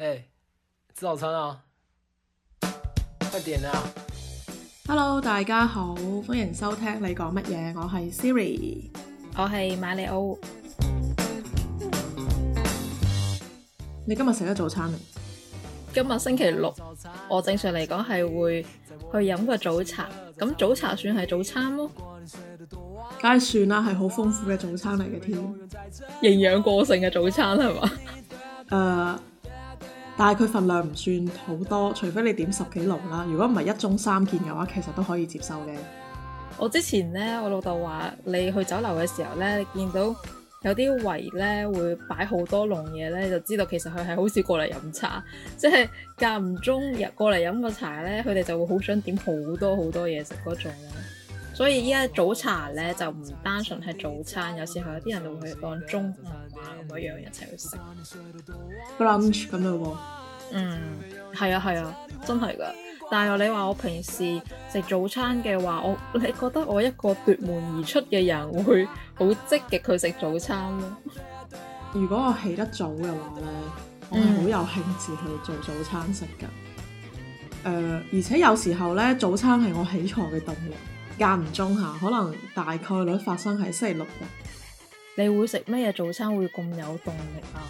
誒，吃早餐啊！快點啊！Hello，大家好，歡迎收聽你講乜嘢？我係 Siri，我係瑪利奧。嗯、你今日食咗早餐未？今日星期六，我正常嚟講係會去飲個早茶。咁早茶算係早餐咯，梗係算啦，係好豐富嘅早餐嚟嘅添，營養過剩嘅早餐係嘛？誒。Uh, 但係佢份量唔算好多，除非你點十幾籠啦。如果唔係一盅三件嘅話，其實都可以接受嘅。我之前呢，我老豆話你去酒樓嘅時候呢，見到有啲圍呢會擺好多籠嘢呢，就知道其實佢係好少過嚟飲茶，即係間唔中入過嚟飲個茶呢，佢哋就會好想點好多好多嘢食嗰種。所以依家早茶咧就唔單純係早餐，有時候有啲人就會去當中午啊，咁樣一齊去食。Lunch 咁啊喎，嗯，係、嗯、啊係啊，真係噶。但係你話我平時食早餐嘅話，我你覺得我一個奪門而出嘅人會好積極去食早餐咩？如果我起得早嘅話咧，嗯、我係好有興致去做早餐食噶。誒、呃，而且有時候咧，早餐係我起床嘅動力。間唔中嚇，可能大概率發生喺星期六日。你會食咩早餐會咁有動力啊？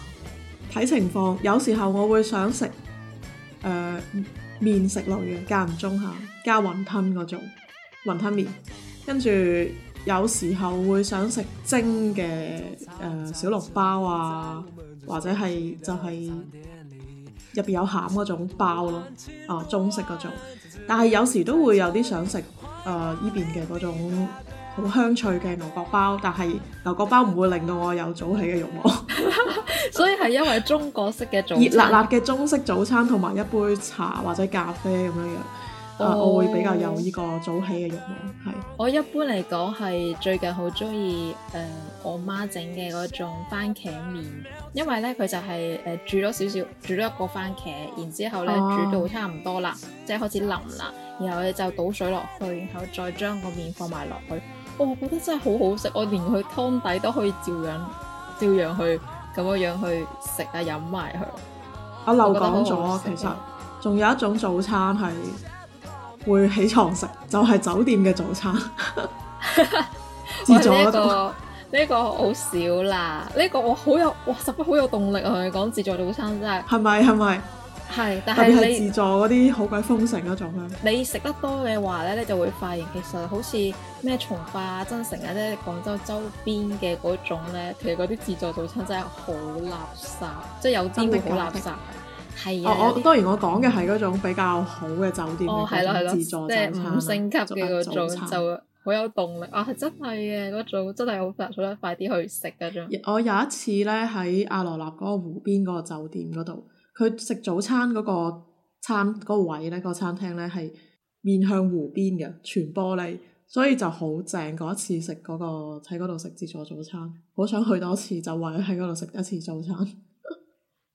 睇情況，有時候我會想食誒麵食類嘅間唔中嚇，加雲吞嗰種雲吞麵，跟住有時候會想食蒸嘅誒、呃、小籠包啊，或者係就係入邊有餡嗰種包咯，啊中式嗰種。但係有時都會有啲想食。誒依、呃、邊嘅嗰種好香脆嘅牛角包，但係牛角包唔會令到我有早起嘅欲望，所以係因為中國式嘅早餐， 熱辣辣嘅中式早餐，同埋一杯茶或者咖啡咁樣樣。啊！我會比較有呢個早起嘅欲望，係我一般嚟講係最近好中意誒我媽整嘅嗰種番茄麵，因為咧佢就係誒煮咗少少，煮咗一個番茄，然之後咧、啊、煮到差唔多啦，即係開始腍啦，然後咧就倒水落去，然後再將個麵放埋落去、哦，我覺得真係好好食，我連佢湯底都可以照樣照樣去咁樣樣去食啊飲埋佢。我漏講咗，其實仲有一種早餐係。會起床食就係、係、酒店嘅早餐， 自助呢的、 呢個呢、呢個好少啦，呢、呢個我好有哇，十分好有動力啊！講自助早餐真係，係咪係咪？係，但係你別你自助嗰啲好鬼豐盛嗰種咧。你食得多嘅話咧，你就會發現其實好似咩從化啊、增城啊，即廣州周邊嘅嗰種咧，其實嗰啲自助早餐真係好垃圾，即係有啲會好垃圾。我我當然我講嘅係嗰種比較好嘅酒店嘅自助早餐、哦、餐，即係五星級嘅個早餐，就好有動力、嗯、啊！真係嘅嗰早真係好快，早得快啲去食嘅。我有一次咧喺阿羅納嗰個湖邊嗰個酒店嗰度，佢食早餐嗰個餐嗰、那個位咧，嗰個餐廳咧係面向湖邊嘅，全玻璃，所以就好正。嗰一次食嗰、嗰個喺嗰度食自助早餐，好想去多次，就為咗喺嗰度食一次早餐。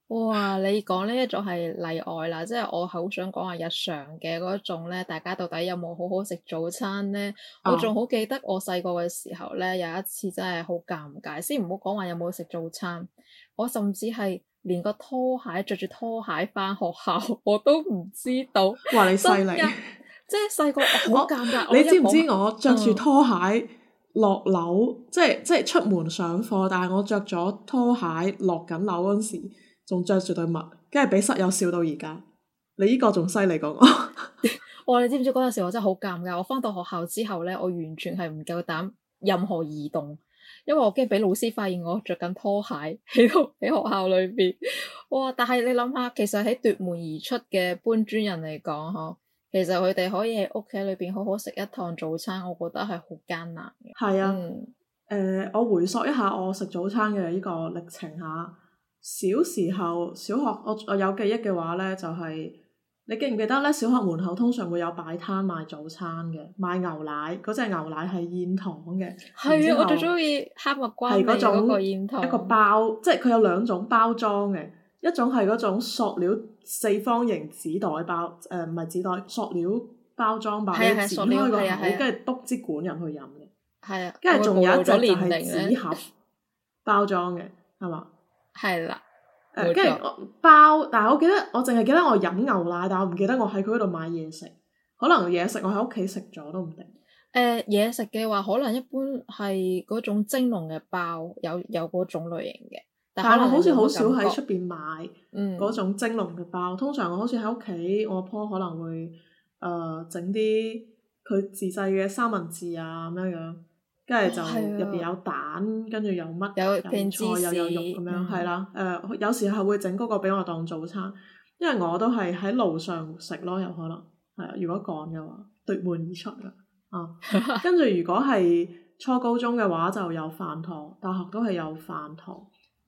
哇！你講呢一種係例外啦，即係我好想講下日常嘅嗰一種咧。大家到底有冇好好食早餐咧？啊、我仲好記得我細個嘅時候咧，有一次真係好尷尬。先唔好講話有冇食早餐，我甚至係連個拖鞋着住拖鞋返學校，我都唔知道。話你犀利，即係細個好尷尬。你知唔知我，一我着住拖鞋、嗯、落樓，即係即係出門上課，但係我着咗拖鞋落緊樓嗰時。仲着住對襪，跟住俾室友笑到而家。你呢個仲犀利，講講。哇！你知唔知嗰陣時我真係好尷尬。我翻到學校之後咧，我完全係唔夠膽任何移動，因為我驚俾老師發現我着緊拖鞋喺度喺學校裏邊。哇、哦！但係你諗下，其實喺奪門而出嘅搬磚人嚟講，嗬，其實佢哋可以喺屋企裏邊好好食一趟早餐，我覺得係好艱難。係啊，誒、嗯呃，我回溯一下我食早餐嘅呢個歷程吓。小時候小學，我我有記憶嘅話咧，就係、是、你記唔記得咧？小學門口通常會有擺攤賣早餐嘅，賣牛奶嗰隻、那個、牛奶係燕塘嘅。係啊，我最鍾意哈密瓜味嗰個燕塘，一個包，即係佢有兩種包裝嘅，一種係嗰種塑料四方形紙袋包，誒唔係紙袋，塑料包裝包，你、呃、剪的料開個口，跟住篤支管入去飲嘅。係啊的，跟住仲有一種就係紙盒包，包裝嘅，係嘛？係啦，誒，跟住我包，但係我記得我淨係記得我飲牛奶，但我唔記得我喺佢嗰度買嘢食。可能嘢食我喺屋企食咗都唔定。誒、呃，嘢食嘅話，可能一般係嗰種蒸籠嘅包，有有嗰種類型嘅。但係我好似好少喺出邊買，嗯，嗰種蒸籠嘅包。通常我好似喺屋企，我阿婆可能會誒整啲佢自製嘅三文治啊咁樣樣。跟住就入邊有蛋，跟住有乜有，有菜又有肉咁樣。係啦、嗯，誒、呃、有時候會整嗰個俾我當早餐，因為我都係喺路上食咯，有可能。係啊，如果趕嘅話，奪門而出啦。啊，跟住 如果係初高中嘅話就有飯堂，大學都係有飯堂。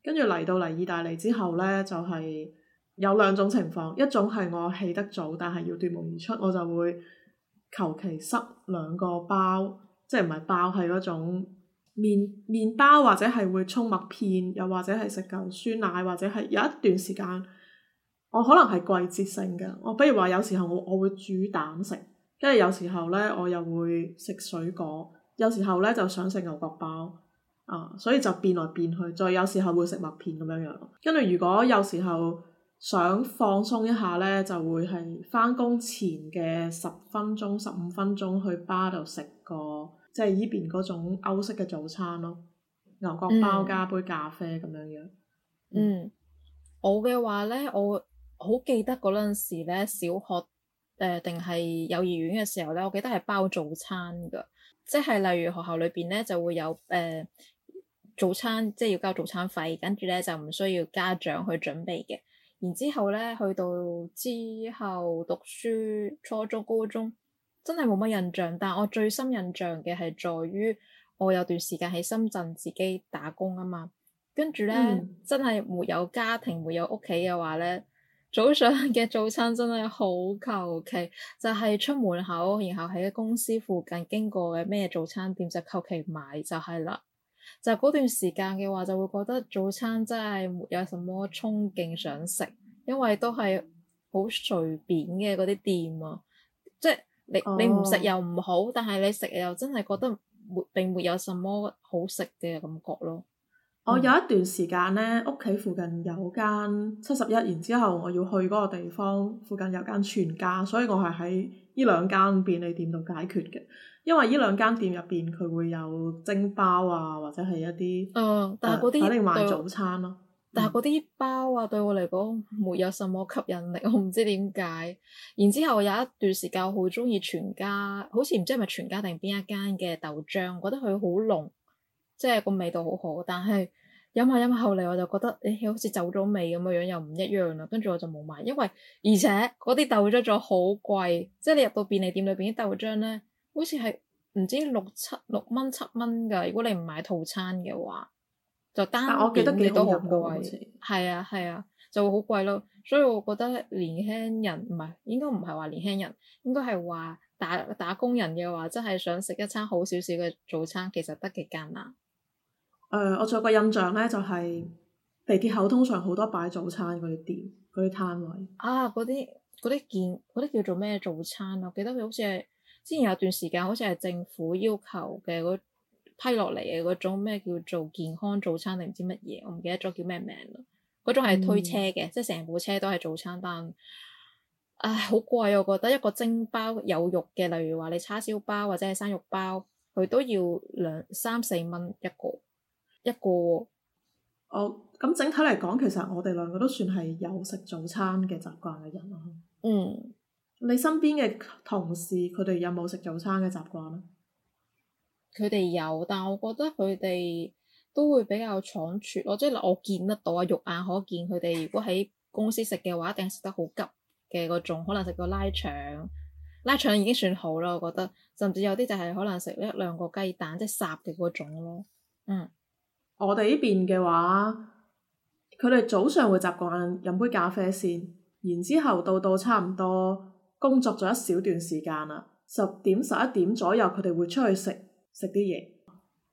跟住嚟到嚟意大利之後咧，就係、是、有兩種情況，一種係我起得早，但係要奪門而出，我就會求其塞兩個包。即係唔係包係嗰種麵麵包或者係會沖麥片又或者係食嚿酸奶或者係有一段時間我可能係季節性嘅。我比如話有時候我我會煮蛋食，跟住有時候咧我又會食水果，有時候咧就想食牛角包啊，所以就變來變去，再有時候會食麥片咁樣樣。跟住如果有時候想放鬆一下咧，就會係翻工前嘅十分鐘十五分鐘去吧度食個。即係依邊嗰種歐式嘅早餐咯，牛角包加杯咖啡咁、嗯、樣樣。嗯，我嘅話咧，我好記得嗰陣時咧，小學誒定係幼兒園嘅時候咧，我記得係包早餐噶，即係例如學校裏邊咧就會有誒、呃、早餐，即係要交早餐費，跟住咧就唔需要家長去準備嘅。然之後咧，去到之後讀書，初中、高中。真係冇乜印象，但我最深印象嘅係在於我有段時間喺深圳自己打工啊嘛，跟住咧真係沒有家庭、沒有屋企嘅話咧，早上嘅早餐真係好求其，就係出門口，然後喺公司附近經過嘅咩早餐店就求其買就係啦。就嗰段時間嘅話就會覺得早餐真係沒有什麼衝勁想食，因為都係好隨便嘅嗰啲店啊，即係。你你唔食又唔好，但係你食又真係覺得沒並沒有什麼好食嘅感覺咯。嗯、我有一段時間咧，屋企附近有間七十一，71, 然之後我要去嗰個地方附近有間全家，所以我係喺呢兩間便利店度解決嘅。因為呢兩間店入邊佢會有蒸包啊，或者係一啲，嗯，但係嗰啲肯定賣早餐咯、啊。嗯、但係嗰啲包啊，對我嚟講沒有什麼吸引力，我唔知點解。然之後有一段時間好中意全家，好似唔知係咪全家定邊一間嘅豆漿，覺得佢好濃，即係個味道好好。但係飲下飲下，喝一喝一喝後嚟我就覺得，誒、哎、好似走咗味咁嘅樣，又唔一樣啦。跟住我就冇買，因為而且嗰啲豆漿仲好貴，即係你入到便利店裏邊啲豆漿咧，好似係唔知六七六蚊七蚊㗎。如果你唔買套餐嘅話。就單件嘅都好貴，係啊係啊，啊，就會好貴咯。所以我覺得年輕人唔係應該唔係話年輕人，應該係話打打工人嘅話，真係想食一餐好少少嘅早餐，其實得幾艱難。誒、呃，我仲有個印象咧，就係地鐵口通常好多擺早餐嗰啲店嗰啲攤位。啊，嗰啲嗰啲件嗰啲叫做咩早餐啊？我記得佢好似係之前有段時間，好似係政府要求嘅。批落嚟嘅嗰種咩叫做健康早餐定唔知乜嘢，我唔記得咗叫咩名啦。嗰種係推車嘅，嗯、即係成部車都係早餐單。唉，好貴，我覺得一個蒸包有肉嘅，例如話你叉燒包或者係生肉包，佢都要兩三四蚊一個一個，一個哦，咁整體嚟講，其實我哋兩個都算係有食早餐嘅習慣嘅人啦。嗯，你身邊嘅同事佢哋有冇食早餐嘅習慣咧？佢哋有，但係我覺得佢哋都會比較倉促咯，即係我見得到啊，肉眼可見佢哋如果喺公司食嘅話，一定食得好急嘅嗰種，可能食個拉腸，拉腸已經算好啦。我覺得甚至有啲就係可能食一兩個雞蛋，即係霎嘅嗰種咯。嗯，我哋呢邊嘅話，佢哋早上會習慣飲杯咖啡先，然之後到到差唔多工作咗一小段時間啦，十點十一點左右，佢哋會出去食。食啲嘢，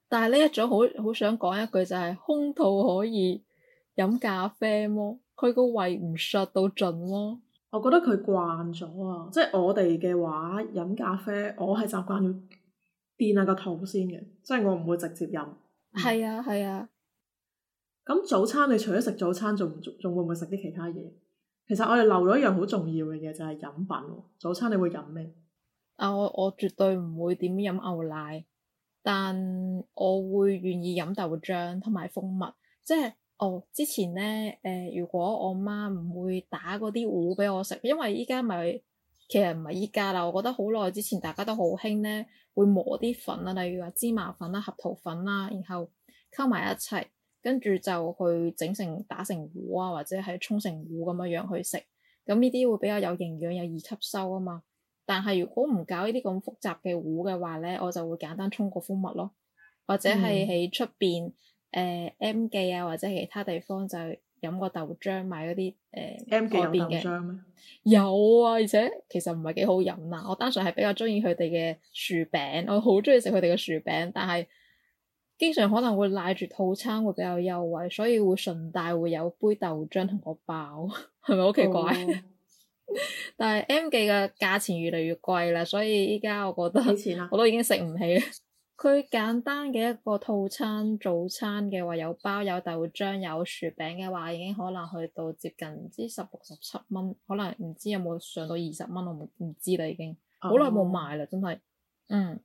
但係呢一早好好想講一句就係、是，空肚可以飲咖啡麼？佢個胃唔實到盡咯。我覺得佢慣咗啊，即係我哋嘅話飲咖啡，我係習慣要墊下個肚先嘅，即係我唔會直接飲。係啊係啊。咁早餐你除咗食早餐，仲仲會唔會食啲其他嘢？其實我哋漏咗一樣好重要嘅嘢就係、是、飲品。早餐你會飲咩？啊我我絕對唔會點飲牛奶。但我會願意飲豆漿同埋蜂蜜，即係哦之前咧誒、呃，如果我媽唔會打嗰啲糊俾我食，因為依家咪其實唔係依家啦，我覺得好耐之前大家都好興咧，會磨啲粉啦，例如話芝麻粉啦、核桃粉啦，然後溝埋一齊，跟住就去整成打成糊啊，或者係沖成糊咁樣樣去食，咁呢啲會比較有營養又易吸收啊嘛～但係如果唔搞呢啲咁複雜嘅糊嘅話咧，我就會簡單沖個蜂蜜咯，或者係喺出邊誒 M 記啊，或者其他地方就飲個豆漿，買嗰啲誒 M 記嗰邊嘅。有啊，而且其實唔係幾好飲啊！我單純係比較中意佢哋嘅薯餅，我好中意食佢哋嘅薯餅，但係經常可能會賴住套餐會比較優惠，所以會順帶會有杯豆漿同個包，係咪好奇怪？ 但係 M 記嘅價錢越嚟越貴啦，所以依家我覺得我都已經食唔起。佢 簡單嘅一個套餐早餐嘅話，有包有豆漿有薯餅嘅話，已經可能去到接近唔知十六十七蚊，可能唔知有冇上到二十蚊，我唔唔知啦，已經好耐冇買啦，真係。嗯，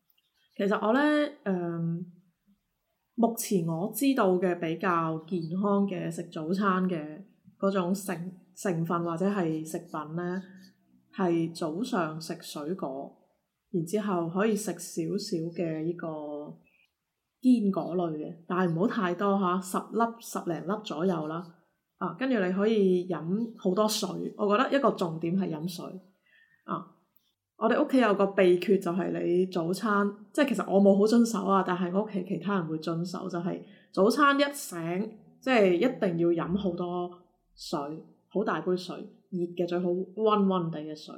其實我咧，誒、呃，目前我知道嘅比較健康嘅食早餐嘅嗰種食。成分或者係食品呢，係早上食水果，然之後可以食少少嘅呢個堅果類嘅，但係唔好太多嚇，十粒十零粒左右啦。啊，跟住你可以飲好多水。我覺得一個重點係飲水啊。我哋屋企有個秘訣就係你早餐，即係其實我冇好遵守啊，但係我屋企其他人會遵守，就係早餐一醒，即係一定要飲好多水。好大杯水，熱嘅最好溫溫地嘅水。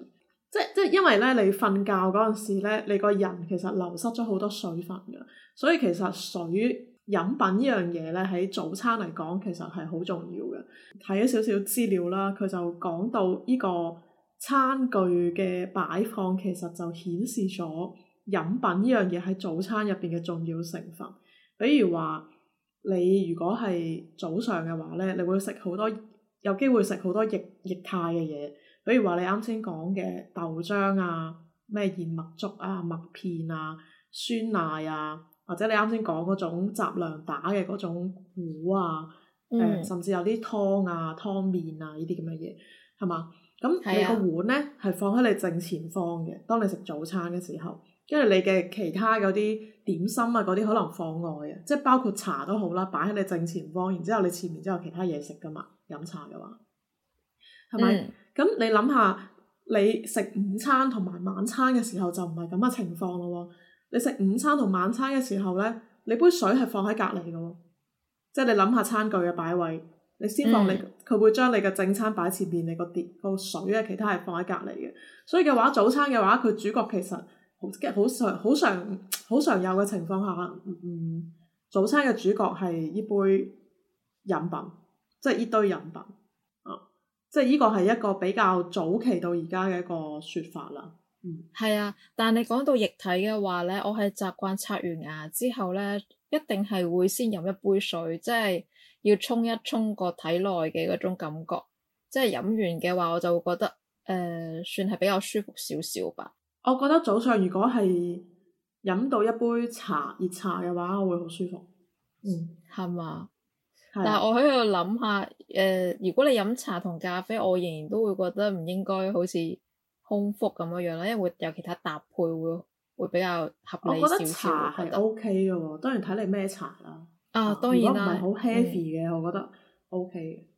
即即因為咧，你瞓覺嗰陣時咧，你個人其實流失咗好多水分㗎，所以其實水飲品呢樣嘢咧，喺早餐嚟講其實係好重要嘅。睇咗少少資料啦，佢就講到呢個餐具嘅擺放，其實就顯示咗飲品呢樣嘢喺早餐入邊嘅重要成分。比如話，你如果係早上嘅話咧，你會食好多。有機會食好多液液態嘅嘢，比如話你啱先講嘅豆漿啊、咩燕麥粥啊、麥片啊、酸奶啊，或者你啱先講嗰種雜糧打嘅嗰種糊啊，誒、嗯嗯，甚至有啲湯啊、湯麵啊呢啲咁嘅嘢，係嘛？咁你個碗咧係放喺你正前方嘅，當你食早餐嘅時候，跟住你嘅其他嗰啲點心啊嗰啲可能放外嘅，即係包括茶都好啦，擺喺你正前方，然之後你前面之後有其他嘢食噶嘛。飲茶嘅話，係咪？咁、嗯、你諗下，你食午餐同埋晚餐嘅時候就唔係咁嘅情況咯喎。你食午餐同晚餐嘅時候呢，你杯水係放喺隔離嘅喎，即係你諗下餐具嘅擺位，你先放你，佢、嗯、會將你嘅正餐擺前面，你個碟個水啊，其他係放喺隔離嘅。所以嘅話，早餐嘅話，佢主角其實好常好常好常有嘅情況下，嗯，早餐嘅主角係呢杯飲品。即係呢堆飲品啊！即係呢個係一個比較早期到而家嘅一個說法啦。嗯，係啊。但係你講到液體嘅話咧，我係習慣刷完牙之後咧，一定係會先飲一杯水，即係要沖一沖個體內嘅嗰種感覺。即係飲完嘅話，我就會覺得誒、呃，算係比較舒服少少吧。我覺得早上如果係飲到一杯茶熱茶嘅話，我會好舒服。嗯，係嘛？但係我喺度諗下，誒、呃，如果你飲茶同咖啡，我仍然都會覺得唔應該好似空腹咁樣樣啦，因為會有其他搭配會會比較合理少少。我覺得茶係 OK 嘅喎，當然睇你咩茶啦。啊，當然啦，如果唔係好 heavy 嘅，嗯、我覺得 OK。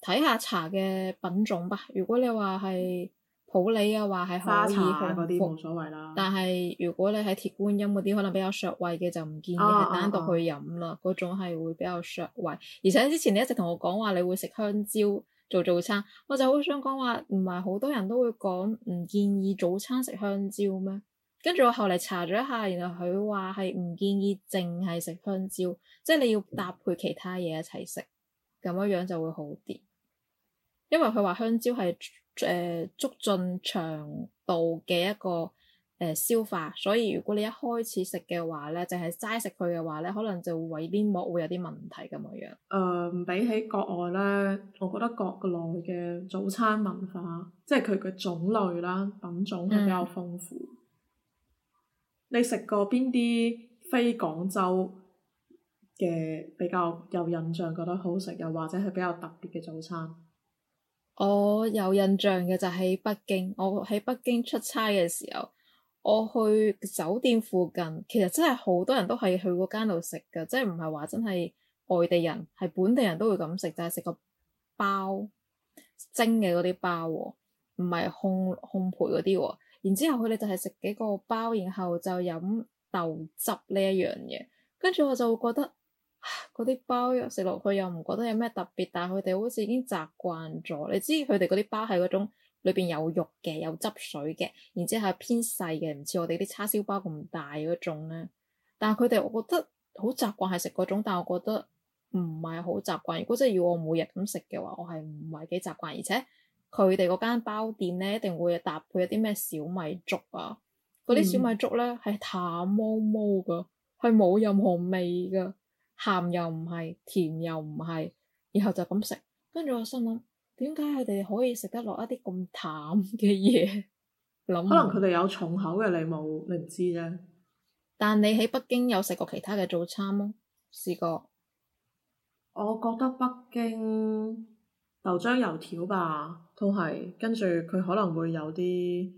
睇下茶嘅品種吧。如果你話係。普洱啊，話係可以降火，無所謂啦，但係如果你喺鐵觀音嗰啲可能比較削胃嘅就唔建議啊啊啊啊係單獨去飲啦，嗰種係會比較削胃。而且之前你一直同我講話你會食香蕉做早餐，我就好想講話，唔係好多人都會講唔建議早餐食香蕉咩？跟住我後嚟查咗一下，原來佢話係唔建議淨係食香蕉，即係你要搭配其他嘢一齊食，咁樣樣就會好啲，因為佢話香蕉係。誒，促進腸道嘅一個誒消化，所以如果你一開始食嘅話咧，淨係齋食佢嘅話咧，可能就會胃黏膜會有啲問題咁樣樣。誒，比起國外咧，我覺得國內嘅早餐文化，即係佢嘅種類啦、品種係比較豐富。嗯、你食過邊啲非廣州嘅比較有印象、覺得好食，又或者係比較特別嘅早餐？我有印象嘅就喺、是、北京，我喺北京出差嘅時候，我去酒店附近，其實真係好多人都係去嗰間度食㗎，即係唔係話真係外地人，係本地人都會咁食，就係、是、食個包蒸嘅嗰啲包，唔係烘烘焙嗰啲喎。然之後佢哋就係食幾個包，然後就飲豆汁呢一樣嘢，跟住我就會覺得，嗰啲包食落去又唔覺得有咩特別，但係佢哋好似已經習慣咗。你知佢哋嗰啲包係嗰種裏邊有肉嘅，有汁水嘅，然之後係偏細嘅，唔似我哋啲叉燒包咁大嗰種啦。但係佢哋我覺得好習慣係食嗰種，但係我覺得唔係好習慣。如果真係要我每日咁食嘅話，我係唔係幾習慣。而且佢哋嗰間包店咧，一定會搭配一啲咩小米粥啊。嗰啲小米粥咧係、嗯、淡毛毛噶，係冇任何味噶鹹又唔係，甜又唔係，然後就咁食。跟住我心諗，點解佢哋可以食得落一啲咁淡嘅嘢？諗可能佢哋有重口嘅，你冇，你唔知啫。但你喺北京有食過其他嘅早餐嗎？試過。我覺得北京豆漿油條吧，都係，跟住佢可能會有啲，誒、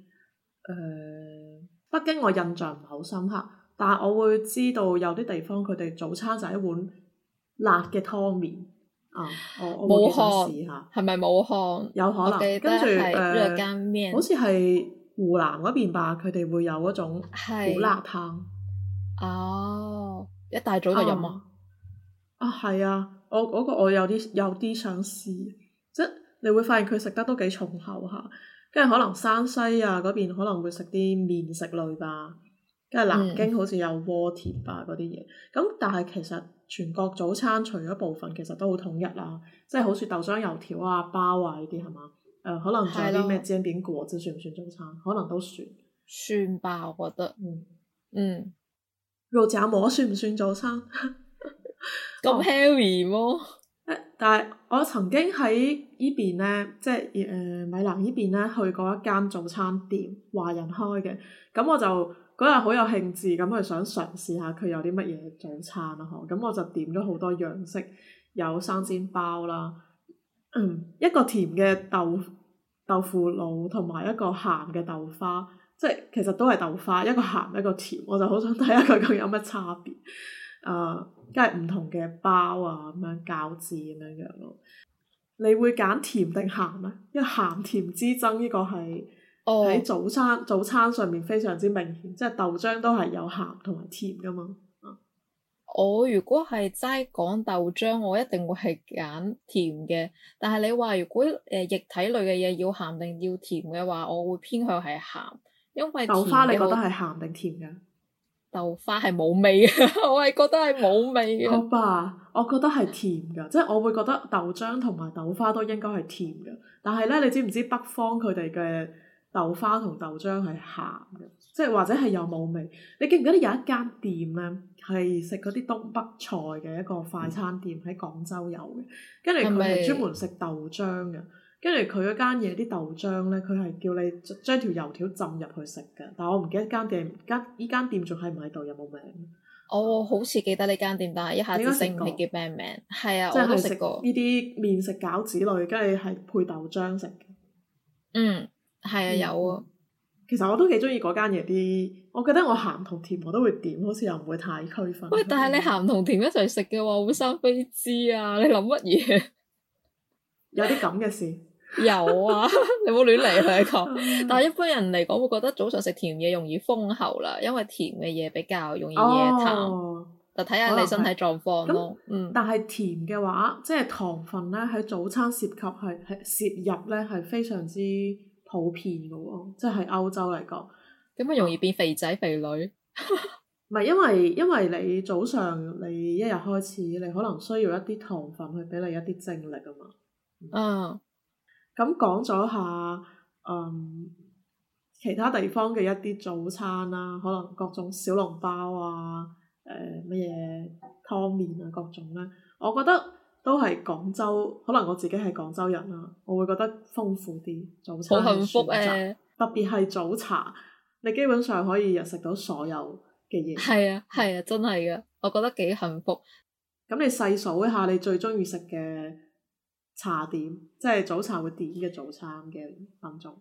呃，北京我印象唔係好深刻。但係我會知道有啲地方佢哋早餐就係一碗辣嘅湯麵啊、uh,，我冇試下係咪武漢？係咪武漢？有可能，我記得係跟住、呃、好似係湖南嗰邊吧，佢哋會有嗰種好辣湯。哦，oh, 一大早就飲、uh, 啊！啊，係啊，我嗰、那個我有啲有啲想試，即你會發現佢食得都幾重口下，跟、啊、住可能山西啊嗰邊可能會食啲麵食類吧。因為南京好似有鍋貼啊嗰啲嘢，咁、嗯、但係其實全國早餐除咗部分其實都好統一啦，即係好似豆漿、油條啊、包啊呢啲係嘛？誒、呃，可能仲有啲咩煎餅果子算唔算早餐？可能都算。算吧，我覺得。嗯嗯，肉夾饃算唔算早餐？咁 heavy 麼、哦？但係我曾經喺、就是呃、呢邊咧，即係誒米蘭呢邊咧，去過一間早餐店，華人開嘅，咁我就。嗰日好有興致，咁佢想嘗試下佢有啲乜嘢早餐咯，嗬！咁我就點咗好多樣式，有生煎包啦、嗯，一個甜嘅豆豆腐腦，同埋一個鹹嘅豆花，即係其實都係豆花，一個鹹一個甜，我就好想睇下佢究竟有乜差別。啊，即係唔同嘅包啊，咁樣餃子咁樣樣咯。你會揀甜定鹹咧？因為鹹甜之爭呢個係。喺、oh, 早餐早餐上面非常之明顯，即係豆漿都係有鹹同埋甜噶嘛。我、oh, 如果係齋講豆漿，我一定會係揀甜嘅。但係你話如果誒、呃、液體類嘅嘢要鹹定要甜嘅話，我會偏向係鹹。因為豆花你覺得係鹹定甜噶？豆花係冇味嘅， 我係覺得係冇味嘅。好吧， 我覺得係甜噶， 即係我會覺得豆漿同埋豆花都應該係甜噶。但係咧，你知唔知北方佢哋嘅？豆花同豆漿係鹹嘅，即係或者係又冇味。你記唔記得有一間店咧，係食嗰啲東北菜嘅一個快餐店喺、嗯、廣州有嘅，跟住佢係專門食豆漿嘅。跟住佢嗰間嘢啲豆漿咧，佢係叫你將條油條浸入去食嘅。但係我唔記，記得間店間依間店仲喺唔喺度，有冇名？我好似記得呢間店，但係一下子醒唔起你叫咩名？係、嗯、啊，我未食過呢啲麵食餃子類，跟住係配豆漿食。嗯。係啊，有啊。嗯、其實我都幾中意嗰間嘢啲，我覺得我鹹同甜我都會點，好似又唔會太區分。喂，但係你鹹同甜一齊食嘅話，會生飛滋啊！你諗乜嘢？有啲咁嘅事。 有啊， 你冇亂嚟啦，但係一般人嚟講，會覺得早上食甜嘢容易封喉啦，因為甜嘅嘢比較容易惹痰。哦、就睇下你身體狀況咯。嗯。但係甜嘅話，即係糖分咧，喺早餐涉及係係攝入咧，係非常之。普遍嘅喎，即係喺歐洲嚟講，咁咪容易變肥仔肥女？唔 係 因為因為你早上你一日開始，你可能需要一啲糖分去俾你一啲精力啊嘛。嗯。咁講咗下，嗯，其他地方嘅一啲早餐啦、啊，可能各種小籠包啊，誒乜嘢湯麵啊，各種咧，我覺得。都係廣州，可能我自己係廣州人啦，我會覺得豐富啲早餐嘅選擇，好幸福，特別係早茶，你基本上可以入食到所有嘅嘢。係啊，係啊，真係噶，我覺得幾幸福。咁你細數一下，你最中意食嘅茶點，即係早茶會點嘅早餐嘅品種。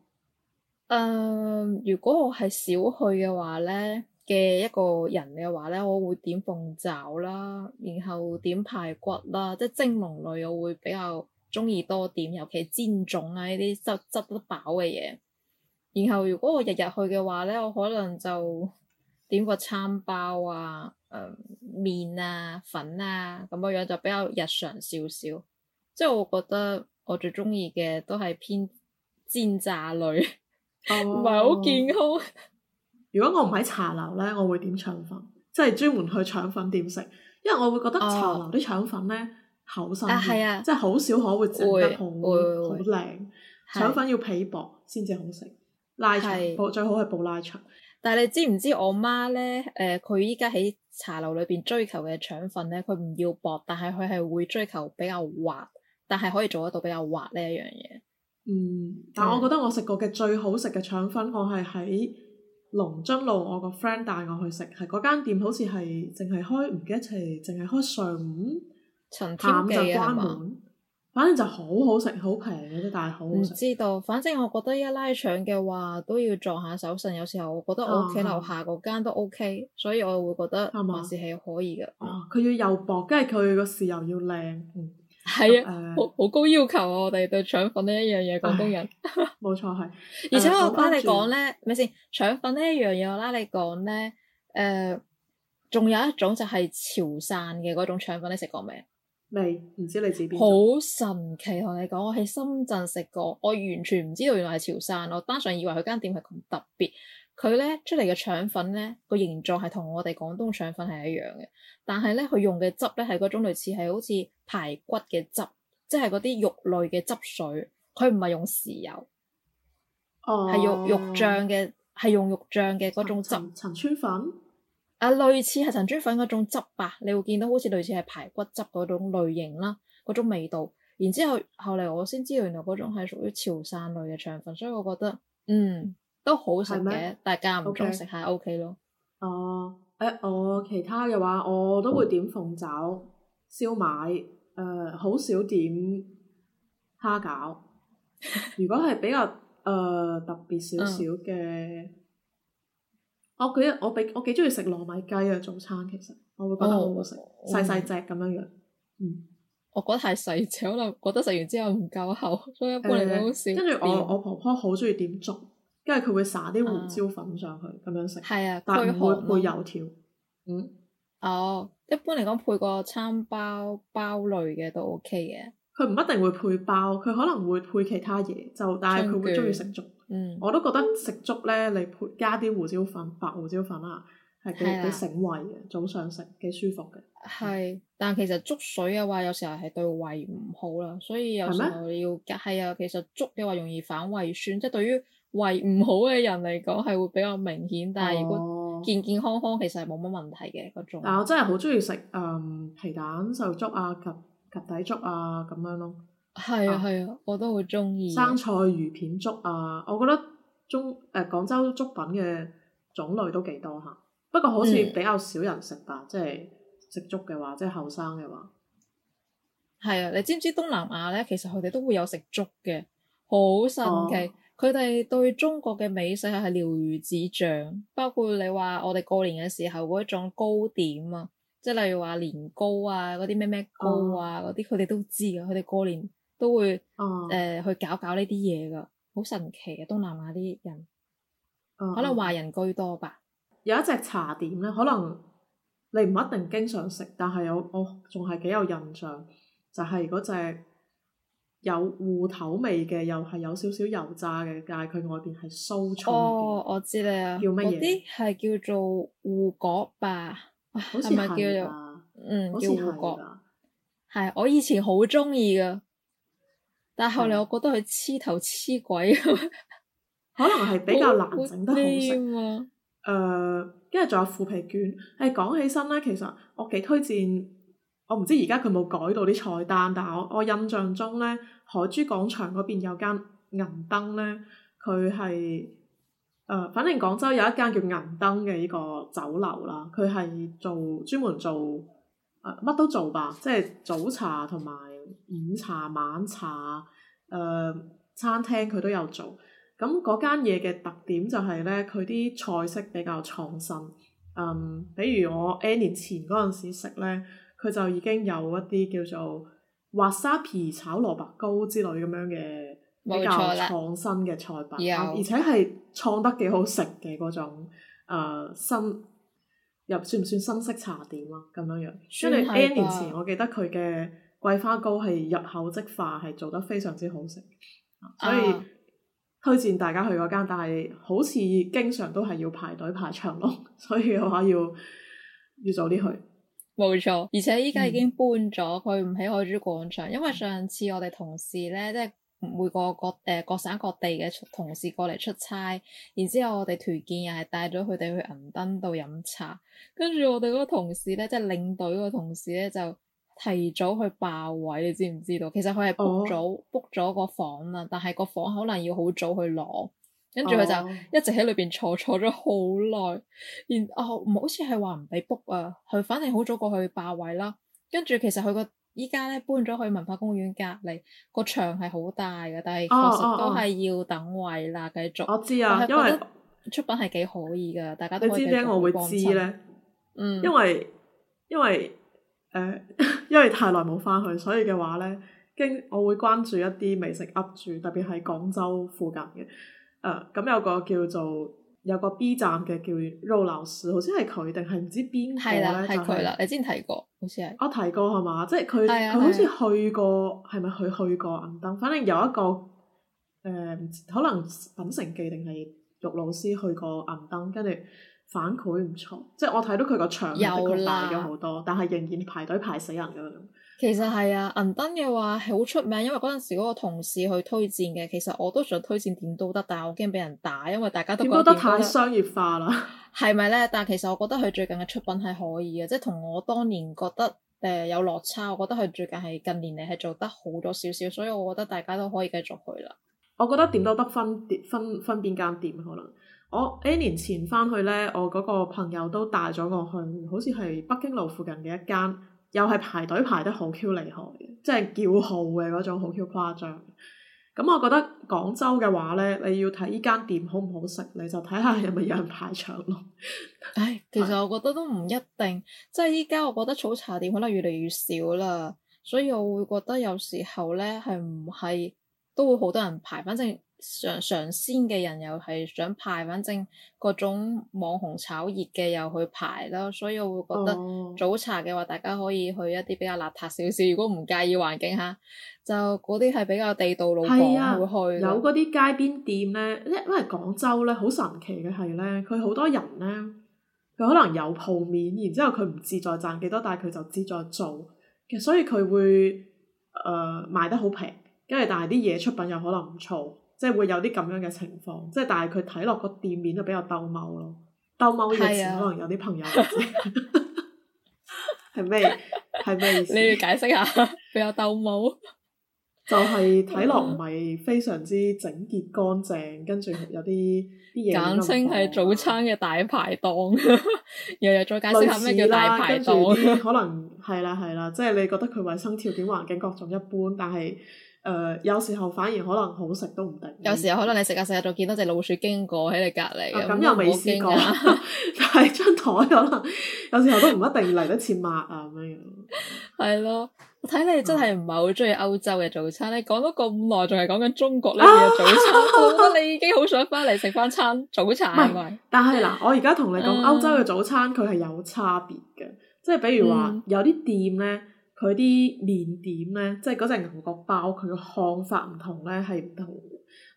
誒，um, 如果我係少去嘅話咧。嘅一個人嘅話咧，我會點鳳爪啦，然後點排骨啦，即係蒸籠類，我會比較中意多點，尤其煎種啊、呢啲執執得飽嘅嘢。然後如果我日日去嘅話咧，我可能就點個餐包啊、誒、嗯、麵啊、粉啊咁樣樣就比較日常少少。即係我覺得我最中意嘅都係偏煎炸類，唔係好健康。Oh. 如果我唔喺茶樓咧，我會點腸粉，即係專門去腸粉店食，因為我會覺得茶樓啲腸粉咧厚身啲，即係好少可會整得好好靚。腸粉要皮薄先至好食，拉腸是最好係布拉腸。但係你知唔知我媽咧？誒、呃，佢依家喺茶樓裏邊追求嘅腸粉咧，佢唔要薄，但係佢係會追求比較滑，但係可以做得到比較滑呢一樣嘢。嗯，但係我覺得我食過嘅最好食嘅腸粉，我係喺龍津路，我個 friend 帶我去食，係嗰間店好似係淨係開，唔記得係淨係開上午，下午就關門。嗎反正就好好食，好平嘅啫，但係好好食，唔知道，反正我覺得一拉腸嘅話都要撞下手神，有時候我覺得我屋企樓下嗰間都 OK，所以我會覺得還是係嗎可以嘅。佢、啊、要幼薄，跟住佢個豉油要靚。嗯係啊，好好高要求啊！我哋對腸粉呢一樣嘢，廣東人冇錯係。而且我返你講咧、嗯，咪先？腸等粉呢一樣嘢，我拉你講咧，誒，仲有一種就係潮汕嘅嗰種腸粉，你食過未？未，唔知你指邊？好神奇同你講，我喺深圳食過，我完全唔知道原來係潮汕，我單純以為佢間店係咁特別。佢咧出嚟嘅腸粉咧，個形狀係同我哋廣東腸粉係一樣嘅，但係咧佢用嘅汁咧係嗰種類似係好似排骨嘅汁，即係嗰啲肉類嘅汁水，佢唔係用豉油，哦，係用肉醬嘅，係用肉醬嘅嗰種汁，陳村粉啊，類似係陳村粉嗰種汁吧？你會見到好似類似係排骨汁嗰種類型啦，嗰種味道。然之後後嚟我先知道原來嗰種係屬於潮汕類嘅腸粉，所以我覺得嗯。都好食嘅，大家唔中食下 O K 咯。哦，誒，我其他嘅話，我都會點鳳爪、燒賣，誒，好少點蝦餃。如果係比較誒特別少少嘅，我記得我比我幾中意食糯米雞啊！早餐其實我會覺得好好食，細細隻咁樣樣。嗯，我覺得太細隻，可能覺得食完之後唔夠喉，所以一般嚟講好少。跟住我我婆婆好中意點粥。跟住佢會灑啲胡椒粉上去，咁樣食，但係配配油條，嗯，哦，一般嚟講配個餐包包類嘅都 OK 嘅。佢唔一定會配包，佢可能會配其他嘢，就但係佢會中意食粥。嗯，我都覺得食粥咧，你配加啲胡椒粉，白胡椒粉啊，係幾幾醒胃嘅，早上食幾舒服嘅。係，但係其實粥水嘅話，有時候係對胃唔好啦，所以有時候要係啊，其實粥嘅話容易反胃酸，即係對於，胃唔好嘅人嚟講係會比較明顯，但係如果健健康康其實係冇乜問題嘅嗰種。但我真係好中意食嗯皮蛋瘦肉粥啊、及及第粥啊咁樣咯。係啊係啊，啊，我都好中意。生菜魚片粥啊，我覺得中誒、呃、廣州粥品嘅種類都幾多嚇，不過好似比較少人食吧，嗯、即係食粥嘅話，即係後生嘅話。係啊，你知唔知東南亞咧？其實佢哋都會有食粥嘅，好神奇。啊。佢哋對中國嘅美食係係了如指掌，包括你話我哋過年嘅時候嗰一種糕點啊，即係例如話年糕啊，嗰啲咩咩糕啊嗰啲，佢哋、嗯、都知噶，佢哋過年都會誒、嗯呃、去搞搞呢啲嘢噶，好神奇啊。東南亞啲人，嗯、可能華人居多吧。有一隻茶點咧，可能你唔一定經常食，但係我我仲係幾有印象，就係嗰隻。有芋頭味嘅，又係有少少油炸嘅，但係佢外邊係酥脆哦，我知你啊，叫乜嘢，嗰啲係叫做芋角吧？好似咪、啊嗯、叫做嗯好似芋角？係的我以前好中意噶，但係後嚟我覺得佢黐頭黐鬼的 可能係比較難整得好食啊。誒、呃，跟住仲有腐皮卷。誒、欸，講起身咧，其實我幾推薦。我唔知而家佢冇改到啲菜單，但係我我印象中呢，海珠廣場嗰邊有間銀燈呢，佢係誒，反正廣州有一間叫銀燈嘅呢個酒樓啦，佢係做專門做乜、呃、都做吧，即係早茶同埋午茶、晚茶誒、呃、餐廳佢都有做。咁、嗯、嗰間嘢嘅特點就係呢，佢啲菜式比較創新。嗯，比如我 N 年前嗰陣時食呢。佢就已經有一啲叫做滑沙皮炒蘿蔔糕之類咁樣嘅比較創新嘅菜品，而且係創得幾好食嘅嗰種，呃、新又算唔算新式茶點啊？咁樣樣，跟住 N、啊、年前我記得佢嘅桂花糕係入口即化，係做得非常之好食，啊、所以推薦大家去嗰間，但係好似經常都係要排隊排長龍，所以嘅話要要早啲去。冇錯，而且依家已經搬咗，佢唔喺海珠廣場。因為上次我哋同事咧，即係每個各誒各，各省各地嘅同事過嚟出差，然後之後我哋團建又係帶咗佢哋去銀燈度飲茶，跟住我哋嗰個同事咧，即係領隊個同事咧，就提早去霸位，你知唔知道？其實佢係 book 咗 book 咗個房啦，但係個房可能要好早去攞。跟住佢就一直喺裏邊坐坐咗好耐，然後哦唔好似係話唔俾 book 啊，佢反正好早過去霸位啦。跟住其實佢個依家咧搬咗去文化公園隔籬，個場係好大嘅，但係確實都係要等位啦。繼續我知啊，因為出品係幾可以噶，大家都知咩？我會知咧，嗯因，因為因為誒，因為太耐冇翻去，所以嘅話咧，經我會關注一啲美食 up 主，特別係廣州附近嘅。誒咁、嗯、有個叫做有個 B 站嘅叫 Rose 好似係佢定係唔知邊個咧？係啦、就係，係佢啦。你之前睇過，好似係我睇過係嘛？即係佢佢好似去過，係咪佢去過銀燈？反正有一個誒、呃，可能品城記定係肉老師去過銀燈，跟住反饋唔錯，即係我睇到佢個場的確大咗好多，啦但係仍然排隊排死人㗎咁。其實係啊，銀燈嘅話係好出名，因為嗰陣時嗰個同事去推薦嘅。其實我都想推薦點都得，但係我驚俾人打，因為大家都覺得點都得太商業化啦。係咪咧？但係其實我覺得佢最近嘅出品係可以嘅，即係同我當年覺得誒、呃、有落差。我覺得佢最近係近年嚟係做得好咗少少，所以我覺得大家都可以繼續去啦。我覺得點都得分分分邊間店可能。我 N 年前翻去咧，我嗰個朋友都帶咗我去，好似係北京路附近嘅一間。又係排隊排得好 Q 厲害嘅，即係叫號嘅嗰種好 Q 誇張。咁我覺得廣州嘅話咧，你要睇依間店好唔好食，你就睇下係咪有人排場囉。唉，其實我覺得都唔一定，即係依家我覺得草茶店可能越嚟越少啦，所以我會覺得有時候咧係唔係都會好多人排，反正。嚐嚐鮮嘅人又係想排，反正各種網紅炒熱嘅又去排咯，所以我會覺得早茶嘅話，oh. 大家可以去一啲比較邋遢少少，如果唔介意環境下，就嗰啲係比較地道老闆、啊、會去。有嗰啲街邊店咧，因為廣州咧好神奇嘅係咧，佢好多人咧，佢可能有鋪面，然之後佢唔志在賺幾多，但係佢就志在做，其實所以佢會誒、呃、賣得好平，跟住但係啲嘢出品又可能唔錯。即係會有啲咁樣嘅情況，即係但係佢睇落個店面就比較兜踎咯，兜踎嘅詞可能有啲朋友唔知係咩係咩意思？你要解釋下比較兜踎，就係睇落唔係非常之整潔乾淨，跟住有啲啲嘢。簡稱係早餐嘅大排檔，又 又再解釋下咩叫大排檔。類似啦，可能係啦係啦，啦，啦，即係你覺得佢衞生條件環境各種一般，但係。誒有時候反而可能好食都唔定，有時候可能你食下食下就見到隻老鼠經過喺你隔離咁，又未試過。就係張台可能有時候都唔一定嚟得切抹啊咁樣。係咯，我睇你真係唔係好中意歐洲嘅早餐？你講咗咁耐，仲係講緊中國咧你嘅早餐，我覺得你已經好想翻嚟食翻餐早餐。唔係，但係嗱，我而家同你講歐洲嘅早餐，佢係有差別嘅，即係比如話有啲店咧。佢啲麵點呢，即係嗰隻牛角包，佢嘅看法唔同呢，係唔同。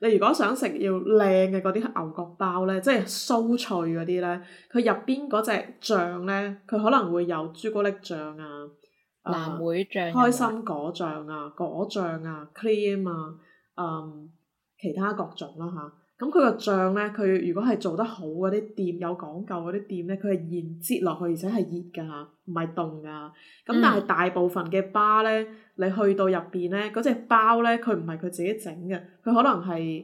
你如果想食要靚嘅嗰啲牛角包呢，即係酥脆嗰啲呢，佢入邊嗰隻醬咧，佢可能會有朱古力醬啊、藍莓醬、啊、開心果醬啊、果醬啊、果醬啊、cream 啊、嗯其他各種啦、啊、嚇。咁佢個醬呢，佢如果係做得好，嗰啲店有講究嗰啲店呢，佢係現擠落去，而且係熱㗎，唔係凍㗎。咁但係大部分嘅包呢，你去到入邊呢，嗰隻包呢，佢唔係佢自己整嘅，佢可能係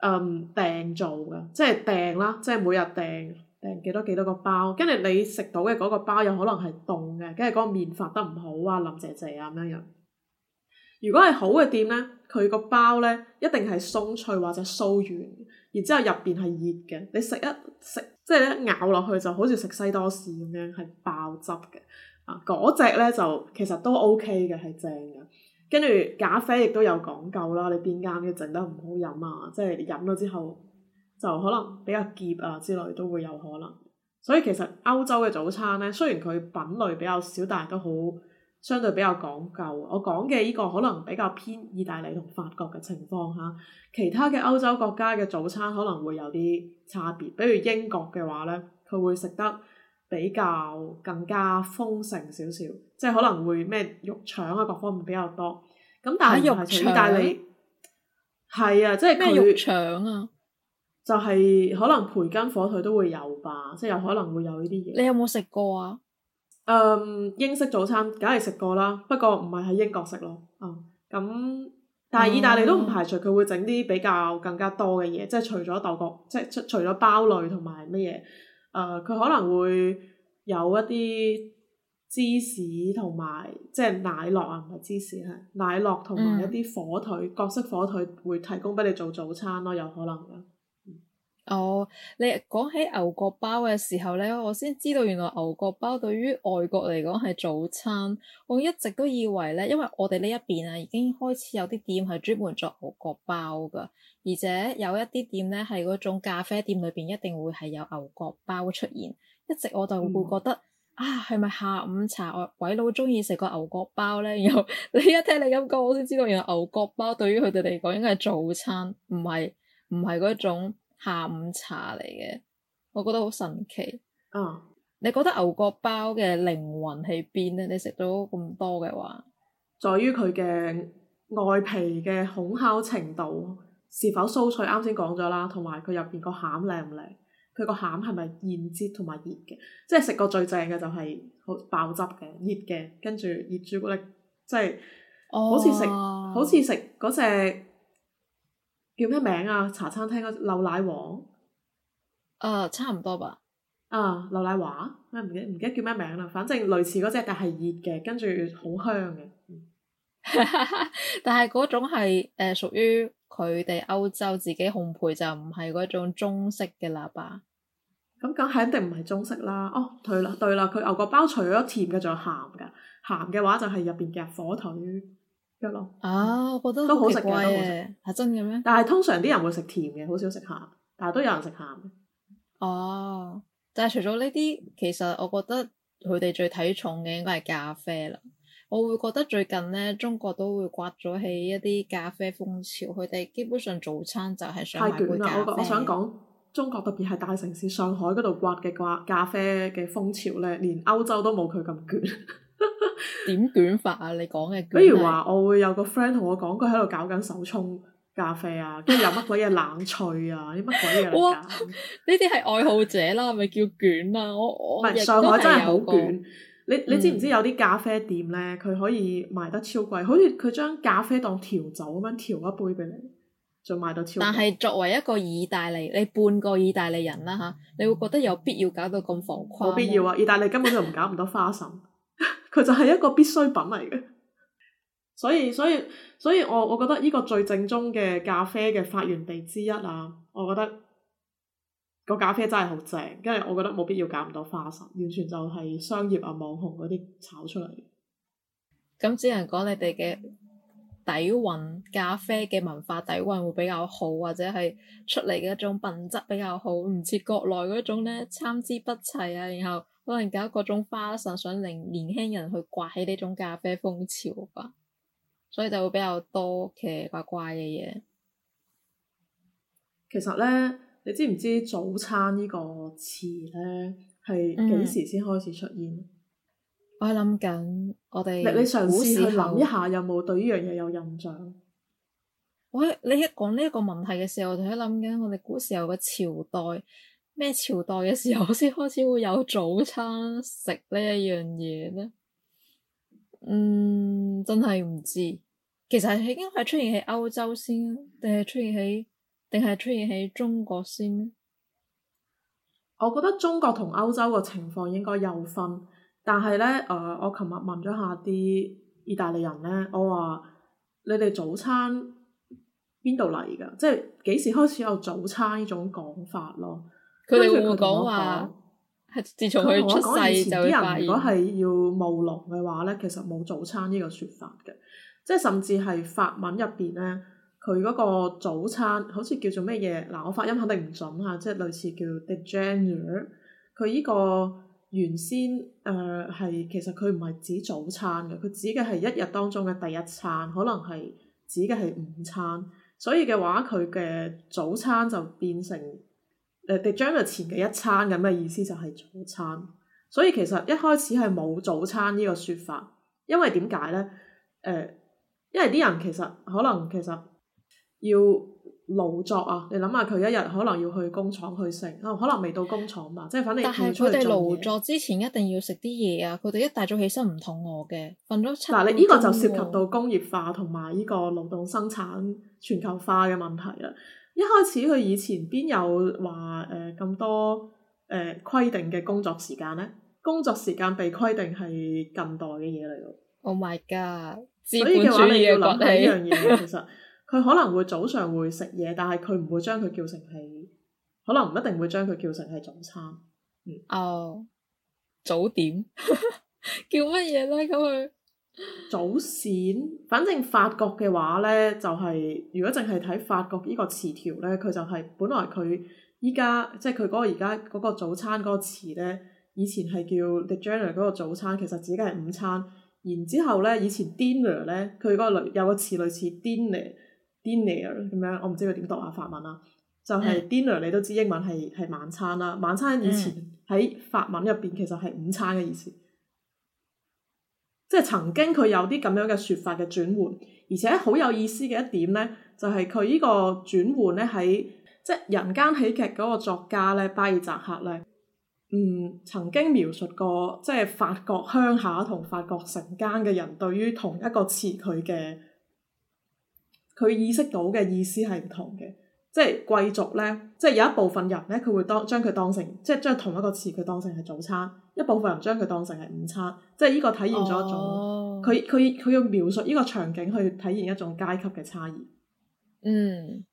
嗯訂做嘅，即係訂啦，即係每日訂訂幾多幾多個包，跟住你食到嘅嗰個包有可能係凍嘅，跟住嗰個麵發得唔好啊，淋謝謝啊咁樣。如果係好嘅店呢，佢個包呢，一定係鬆脆或者酥軟。然之後入邊係熱嘅，你食一食即係一咬落去就好似食西多士咁樣，係爆汁嘅。啊，嗰隻呢就其實都 OK 嘅，係正嘅。跟住咖啡亦都有講究啦，你邊間嘅整得唔好飲啊？即係飲咗之後就可能比較澀啊之類都會有可能。所以其實歐洲嘅早餐呢，雖然佢品類比較少，但係都好。相對比較講究，我講嘅呢個可能比較偏意大利同法國嘅情況嚇，其他嘅歐洲國家嘅早餐可能會有啲差別，比如英國嘅話呢，佢會食得比較更加豐盛少少，即係可能會咩肉腸啊各方面比較多。咁但係意大利，肉腸？係啊，即係咩它肉腸啊？就係可能培根火腿都會有吧，即係有可能會有呢啲嘢。你有冇食過啊？嗯，um, 英式早餐梗係食過啦，不過唔係喺英國食咯。啊，咁但係意大利都唔排除佢會整啲比較更加多嘅嘢，即係除咗豆角，即係除除咗包類同埋乜嘢，誒、呃，佢可能會有一啲芝士同埋即係奶酪啊，唔係芝士係奶酪同埋一啲火腿，mm. 各式火腿會提供俾你做早餐咯，有可能嘅。哦，oh, 你講起牛角包嘅時候咧，我先知道原來牛角包對於外國嚟講係早餐。我一直都以為咧，因為我哋呢一邊啊，已經開始有啲店係專門做牛角包噶，而且有一啲店咧係嗰種咖啡店裏邊一定會係有牛角包出現。一直我就會覺得、嗯、啊，係咪下午茶我鬼佬中意食個牛角包咧？然後你一聽你咁講，我先知道原來牛角包對於佢哋嚟講應該係早餐，唔係，唔係嗰種。下午茶嚟嘅，我覺得好神奇。嗯，uh, 你覺得牛角包嘅靈魂喺邊呢？你食到咁多嘅話，在於佢嘅外皮嘅烘烤程度，是否酥脆？啱先講咗啦，同埋佢入邊個餡靚唔靚？佢個餡係咪現擠同埋熱嘅？即係食過最正嘅就係好爆汁嘅，熱嘅，跟住熱朱古力，即係好似食、oh. 好似食嗰隻。叫咩名啊？茶餐廳嗰牛奶皇、啊啊，啊，差唔多吧。啊，牛奶華咩？唔記得唔記得叫咩名啦。反正類似嗰隻，但係熱嘅，跟住好香嘅。 但係嗰種係誒、呃、屬於佢哋歐洲自己烘焙，就唔係嗰種中式嘅喇叭。咁梗係一定唔係中式啦。哦，對啦對啦，佢牛角包除咗甜嘅，仲有鹹嘅。鹹嘅話就係入邊夾火腿。一粒啊，我覺得都好食嘅，係真嘅咩？但係通常啲人會食甜嘅，好少食鹹，但係都有人食鹹嘅。哦，但係除咗呢啲，其實我覺得佢哋最睇重嘅應該係咖啡啦。我會覺得最近咧，中國都會刮咗起一啲咖啡風潮，佢哋基本上早餐就係想買杯咖啡。太捲啦！我想講中國特別係大城市上海嗰度刮嘅刮咖啡嘅風潮咧，連歐洲都冇佢咁捲。點卷 法啊？你講嘅，比如話我會有個 friend 同我講佢喺度搞緊手沖咖啡啊，跟住有乜鬼嘢冷萃啊，啲乜鬼嘢。哇！呢啲係愛好者啦，係咪叫卷啊？我是我上海真係好卷。你你知唔知有啲咖啡店咧？佢、嗯、可以賣得超貴，好似佢將咖啡當調酒咁樣調一杯俾你，就賣到超貴。但係作為一個意大利，你半個意大利人啦、啊、吓，你會覺得有必要搞到咁浮誇？冇必要啊！意大利根本就唔搞唔到花心。 佢就係一個必需品嚟嘅， 所以所以所以我我覺得呢個最正宗嘅咖啡嘅發源地之一啊，我覺得個咖啡真係好正，跟住我覺得冇必要搞唔到花神，完全就係商業啊、網紅嗰啲炒出嚟。咁只能講你哋嘅底蘊咖啡嘅文化底蘊會比較好，或者係出嚟嘅一種品質比較好，唔似國內嗰種咧參差不齊啊，然後。可能搞各種花神，想令年輕人去刮起呢種咖啡風潮吧，所以就會比較多奇奇怪怪嘅嘢。其實呢，你知唔知早餐呢個詞呢，係幾時先開始出現？我喺諗緊，我哋你你嘗試去諗一下，有冇對呢樣嘢有印象？我喺你一講呢一個問題嘅時候，我就喺諗緊我哋古時候嘅朝代。咩朝代嘅時候先開始會有早餐食呢一樣嘢呢？嗯，真係唔知。其實係已經係出現喺歐洲先，定係出現喺，定係出現喺中國先呢？我覺得中國同歐洲嘅情況應該有分，但係咧，誒、呃，我琴日問咗下啲意大利人咧，我話你哋早餐邊度嚟噶？即係幾時開始有早餐呢種講法咯？佢哋會講話，佢同我講以前啲人如果係要務農嘅話咧，其實冇早餐呢個説法嘅，即係甚至係法文入邊咧，佢嗰個早餐好似叫做咩嘢？嗱，我發音肯定唔準嚇，即係類似叫 déjeuner。佢呢個原先誒係、呃、其實佢唔係指早餐嘅，佢指嘅係一日當中嘅第一餐，可能係指嘅係午餐，所以嘅話佢嘅早餐就變成，誒，the dinner 前嘅一餐咁嘅意思就係早餐。所以其實一開始係冇早餐呢個説法，因為點解咧？誒、呃，因為啲人其實可能其實要勞作啊。你諗下佢一日可能要去工廠去食啊，可能未到工廠嘛，即係反正。但係佢哋勞作之前一定要食啲嘢啊！佢哋一大早起身唔肚餓嘅，瞓咗七。嗱，你依個就涉及到工業化同埋呢個勞動生產全球化嘅問題啦。一開始佢以前邊有話誒咁多誒規定嘅工作時間咧？工作時間被規定係近代嘅嘢嚟㗎。Oh my god！所以嘅話你要諗起一樣嘢， 其實佢可能會早上會食嘢，但係佢唔會將佢叫成係，可能唔一定會將佢叫成係早餐。哦、嗯，oh, 早點 叫乜嘢咧？咁佢？早膳，反正法國嘅話呢，就係如果淨係睇法國呢個詞條呢，佢就係本來佢依家即係佢嗰個而家嗰個早餐嗰個詞咧，以前係叫 dinner 嗰個早餐，其實只係午餐。然之後呢，以前 dinner 呢，佢嗰個類有個詞類似 dinner，dinner 咁樣，我唔知佢點讀下法文啦。就係 dinner，你都知英文係係晚餐啦。晚餐以前喺法文入邊其實係午餐嘅意思。即係曾經佢有啲咁樣嘅説法嘅轉換，而且好有意思嘅一點呢，就係佢呢個轉換呢，喺即係人間喜劇嗰個作家呢，巴爾扎克呢，嗯，曾經描述過即係法國鄉下同法國城間嘅人對於同一個詞佢嘅佢意識到嘅意思係唔同嘅，即係貴族呢，即係有一部分人呢，佢會當將佢當成即係將同一個詞佢當成係早餐。一部分人將佢當成係午餐，即係呢個體現咗一種佢佢佢要描述呢個場景去體現一種階級嘅差異。嗯，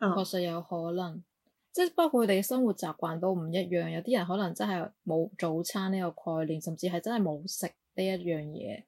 確實有可能，即係包括佢哋嘅生活習慣都唔一樣。有啲人可能真係冇早餐呢個概念，甚至係真係冇食呢一樣嘢。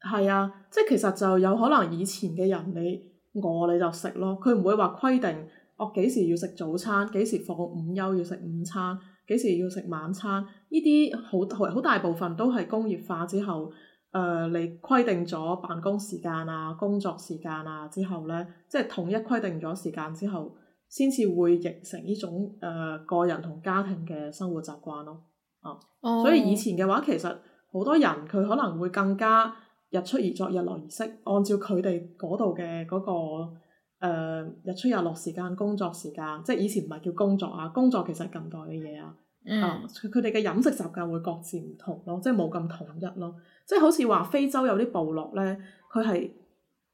係啊，即係其實就有可能以前嘅人，你餓你就食咯，佢唔會話規定我幾時要食早餐，幾時放午休要食午餐。幾時要食晚餐？呢啲好好大部分都係工業化之後，誒、呃，你規定咗辦公時間啊、工作時間啊之後咧，即係統一規定咗時間之後，先至會形成呢種誒、呃、個人同家庭嘅生活習慣咯。哦，oh. 所以以前嘅話其實好多人佢可能會更加日出而作，日落而息，按照佢哋嗰度嘅嗰個。誒、呃、日出日落時間、工作時間，即係以前唔係叫工作啊，工作其實近代嘅嘢啊。嗯、mm. 呃。佢哋嘅飲食習慣會各自唔同咯，即係冇咁統一咯。即係好似話非洲有啲部落咧，佢係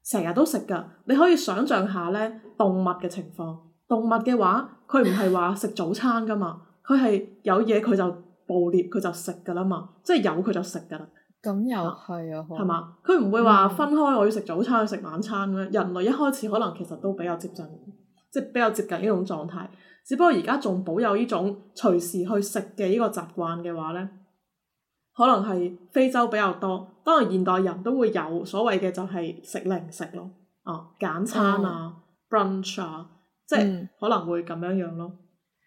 成日都食噶。你可以想象下咧，動物嘅情況，動物嘅話佢唔係話食早餐噶嘛，佢係有嘢佢就捕獵佢就食噶啦嘛，即係有佢就食噶啦。咁又係啊，係嘛吧？佢唔、嗯、會話分開我要食早餐去食晚餐咧。人類一開始可能其實都比較接近，即係比較接近呢種狀態。只不過而家仲保有呢種隨時去食嘅呢個習慣嘅話咧，可能係非洲比較多。當然現代人都會有所謂嘅就係食零食咯，啊，簡餐啊、嗯、，brunch 啊，即係可能會咁樣樣咯。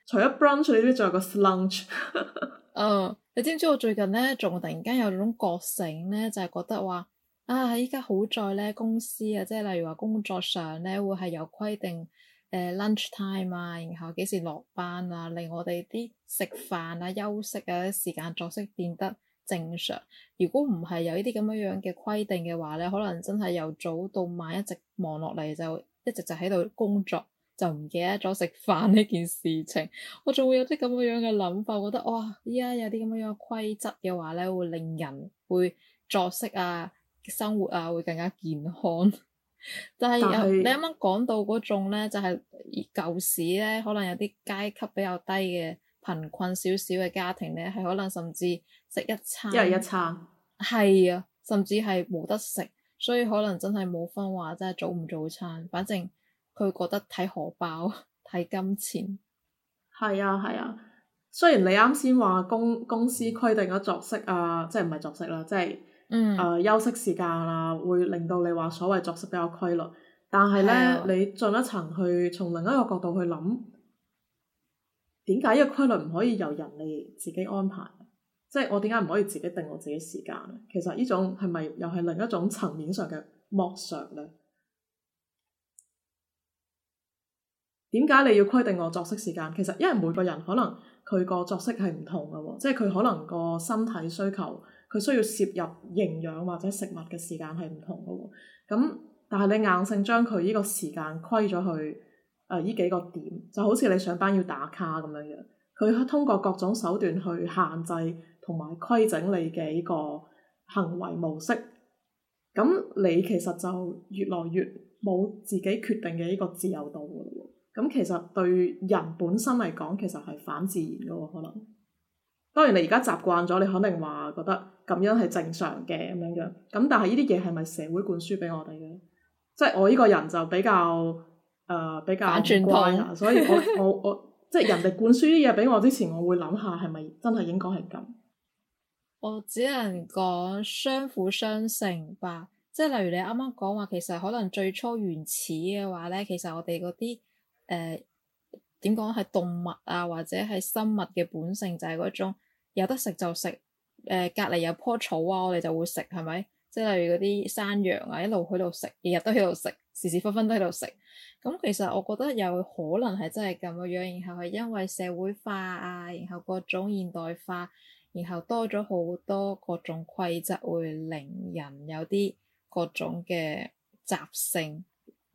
除咗 brunch 呢啲，仲有個 slunch。 嗯。你知唔知我最近咧，仲突然間有種覺醒咧，就係、是、覺得話啊，依家好在咧公司啊，即係例如話工作上咧會係有規定誒 lunch time 啊，然後幾時落班啊，令我哋啲食飯啊、休息啊啲時間作息變得正常。如果唔係有這這呢啲咁樣樣嘅規定嘅話咧，可能真係由早到晚一直忙落嚟，就一直就喺度工作。就唔記得咗食飯呢件事情，我仲會有啲咁樣嘅諗法，我覺得哇，依、哦、家有啲咁樣嘅規則嘅話咧，會令人會作息啊、生活啊會更加健康。 但係是是你啱啱講到嗰種咧，就係、是、舊時咧，可能有啲階級比較低嘅貧困少少嘅家庭咧，係可能甚至食一餐，一，一餐係啊，甚至係冇得食，所以可能真係冇分話真係早唔早餐，反正。佢覺得睇荷包，睇金錢。係啊係啊，雖然你啱先話公公司規定咗作息啊，即係唔係作息啦，即係誒、嗯呃、休息時間啦、啊，會令到你話所謂作息比較規律。但係咧，啊、你進一層去從另一個角度去諗，點解呢個規律唔可以由人哋自己安排？即、就、係、係、我點解唔可以自己定我自己時間？其實呢種係咪又係另一種層面上嘅剝削咧？點解你要規定我作息時間？其實因為每個人可能佢個作息係唔同嘅喎，即係佢可能個身體需求，佢需要攝入營養或者食物嘅時間係唔同嘅喎。咁但係你硬性將佢呢個時間規咗去誒呢、呃、幾個點，就好似你上班要打卡咁樣樣。佢通過各種手段去限制同埋規整你嘅呢個行為模式。咁你其實就越來越冇自己決定嘅呢個自由度嘅喎。咁其實對人本身嚟講，其實係反自然㗎喎。可能當然你而家習慣咗，你肯定話覺得咁樣係正常嘅咁樣樣。咁但係呢啲嘢係咪社會灌輸俾我哋嘅？即係我依個人就比較誒、呃、比較唔乖，所以我我我 即係人哋灌輸啲嘢俾我之前，我會諗下係咪真係應該係咁。我只能講相輔相成吧。即係例如你啱啱講話，其實可能最初原始嘅話咧，其實我哋嗰啲。誒，點講係動物啊，或者係生物嘅本性，就係、是、嗰種有得食就食。誒、呃，隔籬有棵草啊，我哋就會食，係咪？即係例如嗰啲山羊啊，一路喺度食，日日都喺度食，時時分分都喺度食。咁其實我覺得有可能係真係咁嘅樣，然後係因為社會化啊，然後各種現代化，然後多咗好多各種規則，會令人有啲各種嘅習性。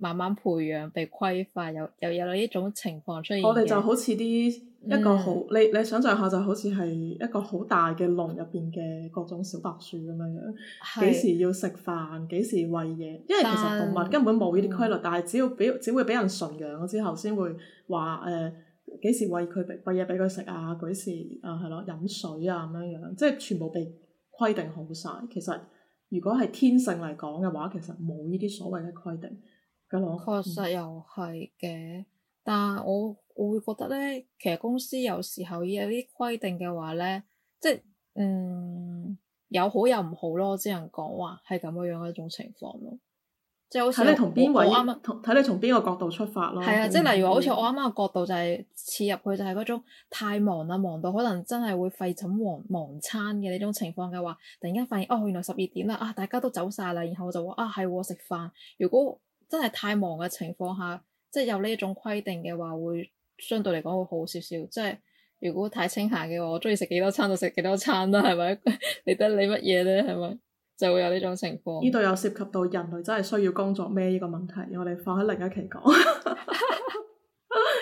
慢慢培養被規範，又有有呢種情況出現。我哋就好似啲一,一個好、嗯、你你想象下，就好似係一個好大嘅籠入邊嘅各種小白鼠咁樣樣，幾是時要食飯，幾時餵嘢，因為其實動物根本冇呢啲規律，嗯、但係只要俾只會俾人馴養咗之後，先會話誒幾時餵佢餵嘢俾佢食啊，幾時啊係咯飲水啊咁樣樣，即係全部被規定好晒。其實如果係天性嚟講嘅話，其實冇呢啲所謂嘅規定。確實又係嘅，但係我我會覺得咧，其實公司有時候有啲規定嘅話咧，即係嗯有好有唔好咯，只能講話係咁樣樣嘅一種情況咯。即係好似睇你同邊位啱啊？同睇你從邊個角度出發咯？係啊的，的即係例如話，好似我啱啱嘅角度就係、是、切入去，就係嗰種太忙啦，忙到可能真係會廢寢忘忘餐嘅呢種情況嘅話，突然間發現哦，原來十二點啦啊，大家都走晒啦，然後我就話啊係食飯，如果。真係太忙嘅情況下，即係有呢一種規定嘅話，會相對嚟講會好少少。即係如果太清閒嘅話，我中意食幾多餐就食幾多餐啦，係咪？ 理得你乜嘢咧，係咪？就會有呢種情況。呢度有涉及到人類真係需要工作咩呢個問題，我哋放喺另一期講。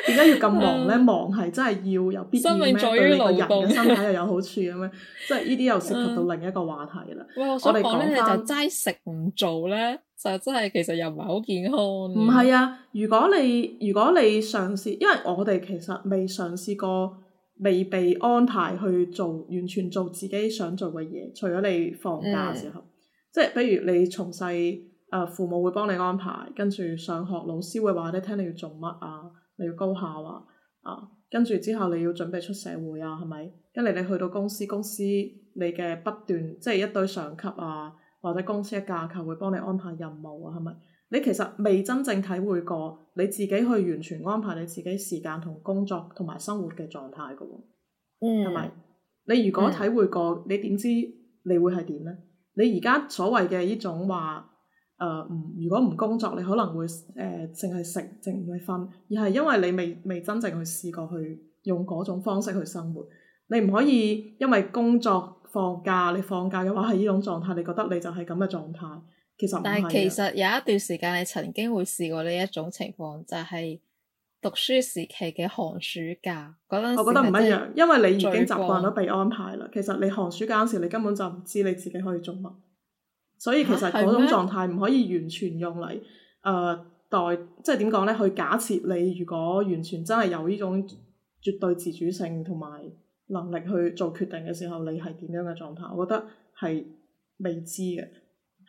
點解要咁忙咧？忙係真係要有必要咩？對你個人嘅身體又有好處咁咩？即係呢啲又涉及到另一個話題啦。我哋講咧就齋食唔做咧，就真係其實又唔係好健康。唔係啊！如果你如果你嘗試，因為我哋其實未嘗試過，未被安排去做，完全做自己想做嘅嘢，除咗你放假嘅時候，嗯、即係比如你從細誒父母會幫你安排，跟住上學老師會話你聽你要做乜啊？你要高考啊，啊，跟住之後你要準備出社會啊，係咪？跟住你去到公司，公司你嘅不斷即係、就是、一堆上級啊，或者公司嘅架構會幫你安排任務啊，係咪？你其實未真正體會過你自己去完全安排你自己時間同工作同埋生活嘅狀態㗎喎，嗯，係咪？你如果體會過，嗯、你點知你會係點呢？你而家所謂嘅呢種話。誒唔、呃，如果唔工作，你可能會誒淨係食，淨係瞓，而係因為你未未真正去試過去用嗰種方式去生活。你唔可以因為工作放假，你放假嘅話係呢種狀態，你覺得你就係咁嘅狀態，其實唔係。但係其實有一段時間你曾經會試過呢一種情況，就係、是、讀書時期嘅寒暑假嗰陣，我覺得唔一樣，因為你已經習慣咗被安排啦。其實你寒暑假嗰時，你根本就唔知你自己可以做乜。所以其實嗰種狀態唔嗎可以完全用嚟，誒、呃、代即係點講咧？去假設你如果完全真係有呢種絕對自主性同埋能力去做決定嘅時候，你係點樣嘅狀態？我覺得係未知嘅，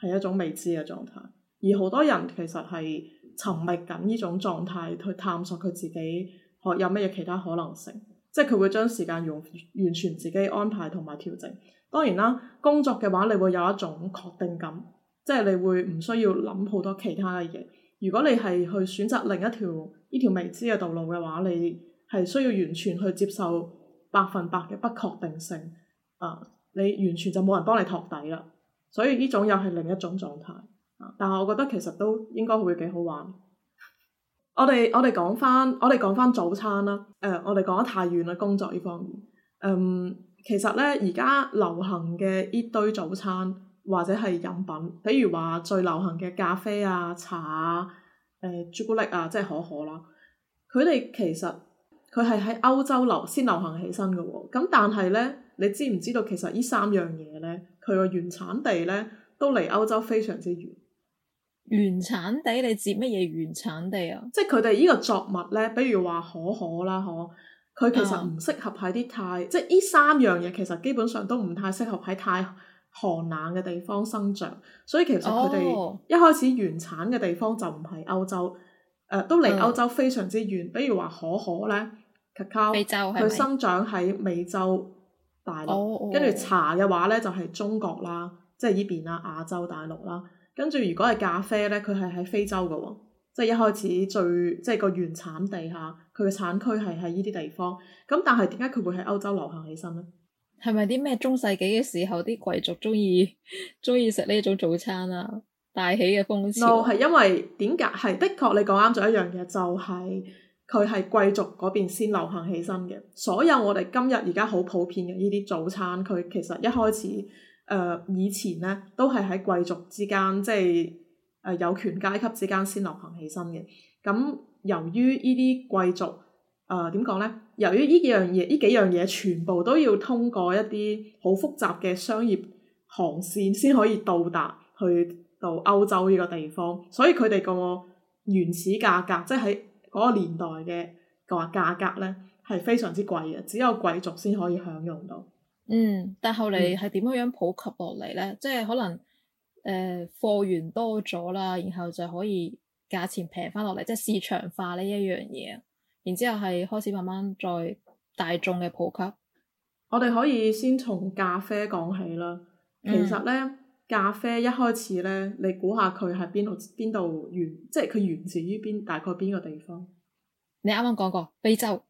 係一種未知嘅狀態。而好多人其實係沉迷緊呢種狀態去探索佢自己可有乜嘢其他可能性，即係佢會將時間用完全自己安排同埋調整。當然啦，工作嘅話，你會有一種確定感，即係你會唔需要諗好多其他嘅嘢。如果你係去選擇另一條呢條未知嘅道路嘅話，你係需要完全去接受百分百嘅不確定性。啊，你完全就冇人幫你托底啦。所以呢種又係另一種狀態。啊，但係我覺得其實都應該會幾好玩。我哋我哋講翻，我哋講翻早餐啦。誒、呃，我哋講得太遠啦，工作呢方面。嗯。其實咧，而家流行嘅呢堆早餐或者係飲品，比如話最流行嘅咖啡啊、茶啊、誒、呃、朱古力啊，即係可可啦。佢哋其實佢係喺歐洲流先流行起身嘅喎、哦。咁但係咧，你知唔知道其實呢三樣嘢咧，佢個原產地咧都離歐洲非常之遠。原產地你接乜嘢原產地啊？即係佢哋呢個作物咧，比如話可可啦，可。佢其實唔適合喺啲太，嗯、即係呢三樣嘢其實基本上都唔太適合喺太寒冷嘅地方生長，所以其實佢哋一開始原產嘅地方就唔係歐洲，誒、哦呃、都離歐洲非常之遠。嗯、比如話可可咧，cacao，佢生長喺美洲大陸，跟住、哦、茶嘅話咧就係、是、中國啦，即係呢邊啦亞洲大陸啦，跟住如果係咖啡咧，佢係喺非洲噶喎，即係一開始最即係個原產地嚇。佢嘅產區係喺呢啲地方，咁但係點解佢會喺歐洲流行起身呢？係咪啲咩中世紀嘅時候啲貴族中意中意食呢種早餐啊？大起嘅風潮？n 係因為點解，係的確你講啱咗一樣嘢，就係佢係貴族嗰邊先流行起身嘅。所有我哋今日而家好普遍嘅呢啲早餐，佢其實一開始誒、呃、以前呢，都係喺貴族之間，即係有權階級之間先流行起身嘅。咁、嗯由於呢啲貴族，誒點講呢？由於呢樣嘢，呢幾樣嘢全部都要通過一啲好複雜嘅商業航線先可以到達去到歐洲呢個地方，所以佢哋個原始價格，即係喺嗰個年代嘅話價格呢，係非常之貴嘅，只有貴族先可以享用到。嗯，但後嚟係點樣樣普及落嚟呢？嗯、即係可能誒貨源多咗啦，然後就可以。價錢平翻落嚟，即係市場化呢一樣嘢。然之後係開始慢慢再大眾嘅普及。我哋可以先從咖啡講起啦。其實呢，嗯、咖啡一開始呢，你估下佢係邊度？邊度原即係佢源自於邊？大概邊個地方？你啱啱講過非洲。誒、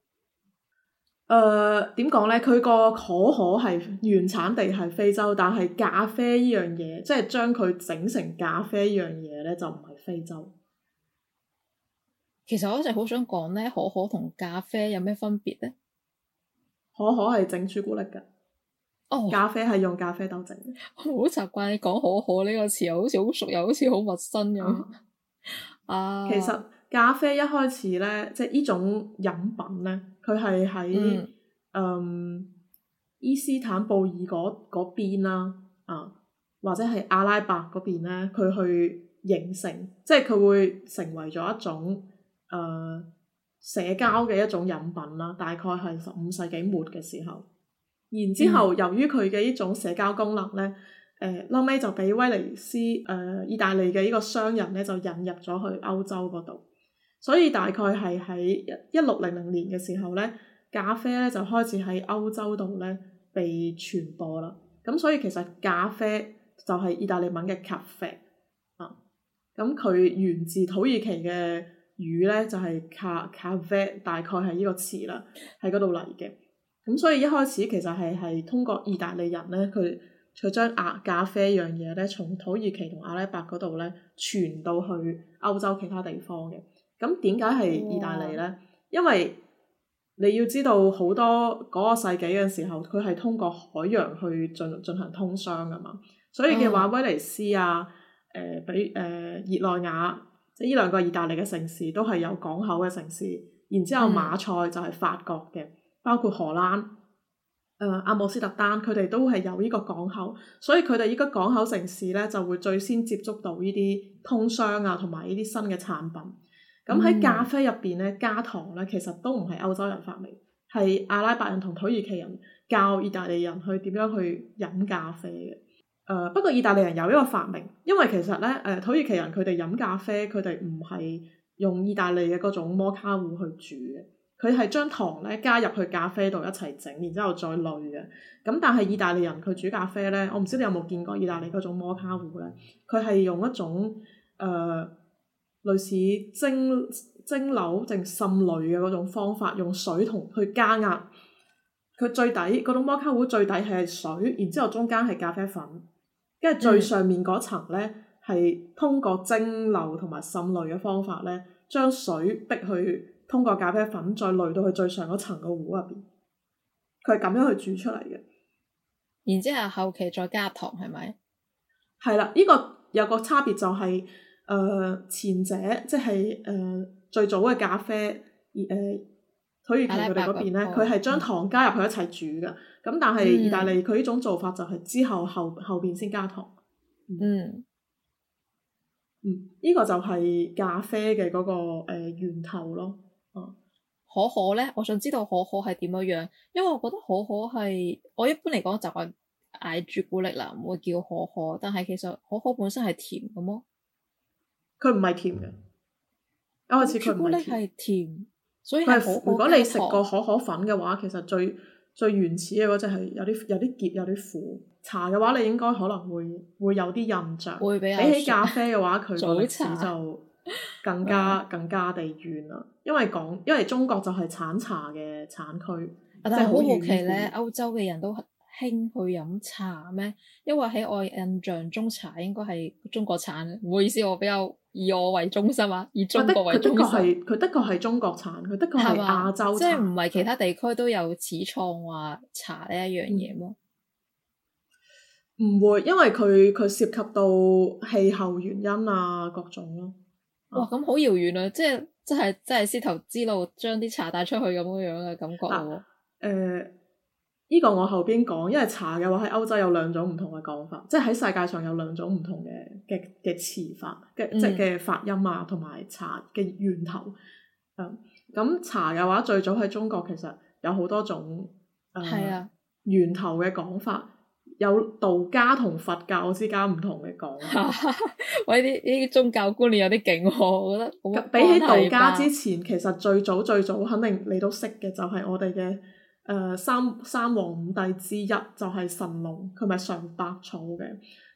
呃，點講呢？佢個可可係原產地係非洲，但係咖啡呢樣嘢，即係將佢整成咖啡呢樣嘢呢，就唔係非洲。其實我一直好想講咧，可可同咖啡有咩分別咧？可可係整朱古力噶，哦，oh, 咖啡係用咖啡豆整。好習慣講可可呢個詞，又好似好熟，又好似好陌生咁、oh. 啊。其實咖啡一開始咧，即係呢種飲品咧，佢係喺嗯伊斯坦布爾嗰嗰邊啦啊，或者係阿拉伯嗰邊咧，佢去形成，即係佢會成為咗一種。誒、呃、社交嘅一種飲品啦，大概係十五世紀末嘅時候。然之後，嗯、由於佢嘅呢種社交功能呢，誒、呃、後屘就俾威尼斯誒、呃、意大利嘅呢個商人呢，就引入咗去歐洲嗰度。所以大概係喺一六零零年嘅時候呢，咖啡呢，就開始喺歐洲度呢被傳播啦。咁所以其實咖啡就係意大利文嘅咖啡啊，咁佢源自土耳其嘅。語呢就係 ca 咖啡，大概係呢個詞啦，喺嗰度嚟嘅。咁所以一開始其實係係通過意大利人呢，佢佢將啊咖啡一樣嘢呢，從土耳其同阿拉伯嗰度呢傳到去歐洲其他地方嘅。咁點解係意大利呢？Oh. 因為你要知道好多嗰個世紀嘅時候，佢係通過海洋去進進行通商㗎嘛。所以嘅話，oh. 威尼斯啊，誒、呃、比誒、呃、熱內亞。即係依兩個意大利嘅城市都係有港口嘅城市，然之後馬賽就係法國嘅，嗯、包括荷蘭、誒阿姆斯特丹，佢哋都係有呢個港口，所以佢哋依個港口城市呢，就會最先接觸到呢啲通商啊，同埋呢啲新嘅產品。咁喺咖啡入邊呢，加糖呢，其實都唔係歐洲人發明，係阿拉伯人同土耳其人教意大利人去點樣去飲咖啡嘅。誒、呃、不過意大利人有一個發明，因為其實咧誒、呃、土耳其人佢哋飲咖啡，佢哋唔係用意大利嘅嗰種摩卡壺去煮嘅，佢係將糖咧加入去咖啡度一齊整，然之後再濾嘅。咁但係意大利人佢煮咖啡咧，我唔知你有冇見過意大利嗰種摩卡壺咧，佢係用一種誒、呃、類似蒸蒸餾定滲濾嘅嗰種方法，用水同去加壓，佢最底嗰種摩卡壺最底係水，然之後中間係咖啡粉。即係、嗯、最上面嗰層呢，係通過蒸餾同埋滲濾嘅方法呢，將水逼去通過咖啡粉，再濾到去最上嗰層個壺入邊，佢係咁樣去煮出嚟嘅。然之後後期再加糖係咪？係啦，呢、這個有個差別就係、是，誒、呃、前者即係誒、呃、最早嘅咖啡而誒。呃土耳其佢哋嗰邊咧，佢係將糖加入去一齊煮嘅。咁、嗯、但係意大利佢呢種做法就係之後後後邊先加糖。嗯，嗯，依、嗯這個就係咖啡嘅嗰、那個、呃、源頭咯。可可咧，我想知道可可係點樣樣，因為我覺得可可係我一般嚟講就係嗌朱古力啦，唔會叫可可，但係其實可可本身係甜嘅麼？佢唔係甜嘅。一開始朱古力係甜。唔係，如果你食過可可粉嘅話，嗯、其實最最原始嘅嗰隻係有啲有啲澀，有啲苦。茶嘅話，你應該可能會會有啲印象。會比比起咖啡嘅話，佢歷史就更加早茶 更加地遠啦。因為講因為中國就係產茶嘅產區。 但係好好奇咧，歐洲嘅人都興去飲茶咩？因為喺我印象中，茶應該係中國產嘅。唔好意思，我比較。以我為中心啊！以中國為中心。佢的確係，佢的確係中國產，佢的確係亞洲產，吧，即係唔係其他地區都有始創話茶呢一樣嘢麼？唔、嗯、會，因為佢佢涉及到氣候原因啊，各種咯、啊。哇、哦！咁好遙遠啊，即係即係即係絲綢之路將啲茶帶出去咁樣樣嘅感覺咯。誒。呢個我後邊講，因為茶嘅話喺歐洲有兩種唔同嘅講法，即係喺世界上有兩種唔同嘅嘅嘅詞法嘅即係嘅發音啊，同埋茶嘅源頭。咁茶嘅話最早喺中國其實有好多種誒、嗯啊、源頭嘅講法，有道家同佛教之間唔同嘅講法。哇！ 呢啲呢啲宗教觀念有啲勁喎，我覺得。比起道家之前，吧其實最早最早肯定你都識嘅，就係我哋嘅。誒、呃、三三皇五帝之一就係、是、神農，佢咪嘗百草嘅。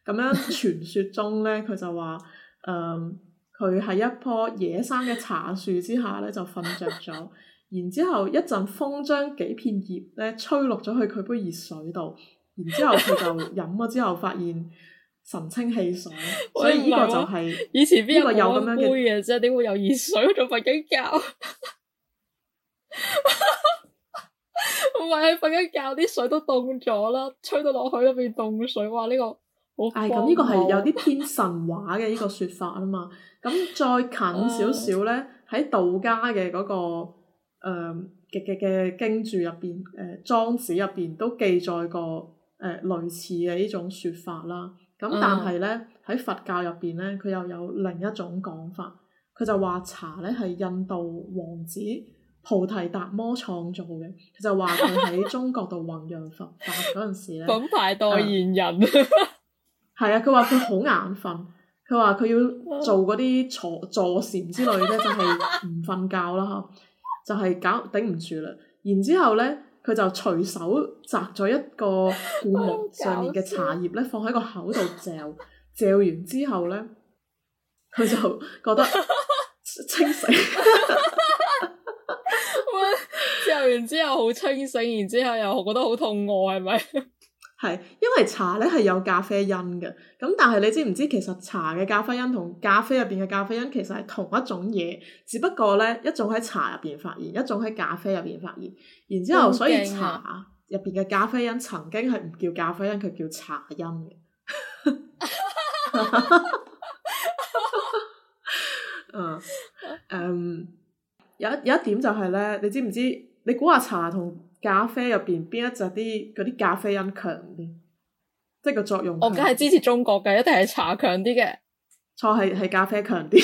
咁樣傳說中咧，佢就話誒佢喺一棵野生嘅茶樹之下咧就瞓着咗， 然之後一陣風將幾片葉咧吹落咗去佢杯熱水度，然之後佢就飲咗之後發現神清氣爽， 所以呢個就係、是、 以前邊哪有咁樣嘅嘢啫？點、啊、會有熱水喺度瞓緊覺？ 唔係喺瞓緊覺，啲水都凍咗啦，吹到落去入邊凍水。話呢、這個好誇張咁，呢個係有啲偏神話嘅呢個説法啊嘛。咁 再近少少咧，喺、oh. 道家嘅嗰、那個誒嘅嘅經注入邊，誒、呃、莊子入邊都記載過誒類似嘅呢種説法啦。咁但係咧喺佛教入邊咧，佢又有另一種講法。佢就話茶咧係印度王子。菩提達摩創造嘅，佢就話佢喺中國度弘揚佛法嗰陣時咧，品牌代言人係啊！佢話佢好眼瞓，佢話佢要做嗰啲坐坐禪之類咧，就係唔瞓覺啦吓，就係、是、搞頂唔住啦。然之後咧，佢就隨手摘咗一個灌木上面嘅茶葉咧，放喺個口度嚼，嚼完之後咧，佢就覺得清醒。 食完之後好清醒，然之後又覺得好肚餓，係咪？係，因為茶咧係有咖啡因嘅，咁但係你知唔知其實茶嘅咖啡因同咖啡入邊嘅咖啡因其實係同一種嘢，只不過咧一種喺茶入邊發現，一種喺咖啡入邊發現。然之後所以茶入邊嘅咖啡因曾經係唔叫咖啡因，佢叫茶因嘅。嗯，有有一點就係咧，你知唔知？你估下茶同咖啡入邊邊一隻啲啲咖啡因強啲，即係個作用？我梗係支持中國嘅，一定係茶強啲嘅。錯，係係咖啡強啲，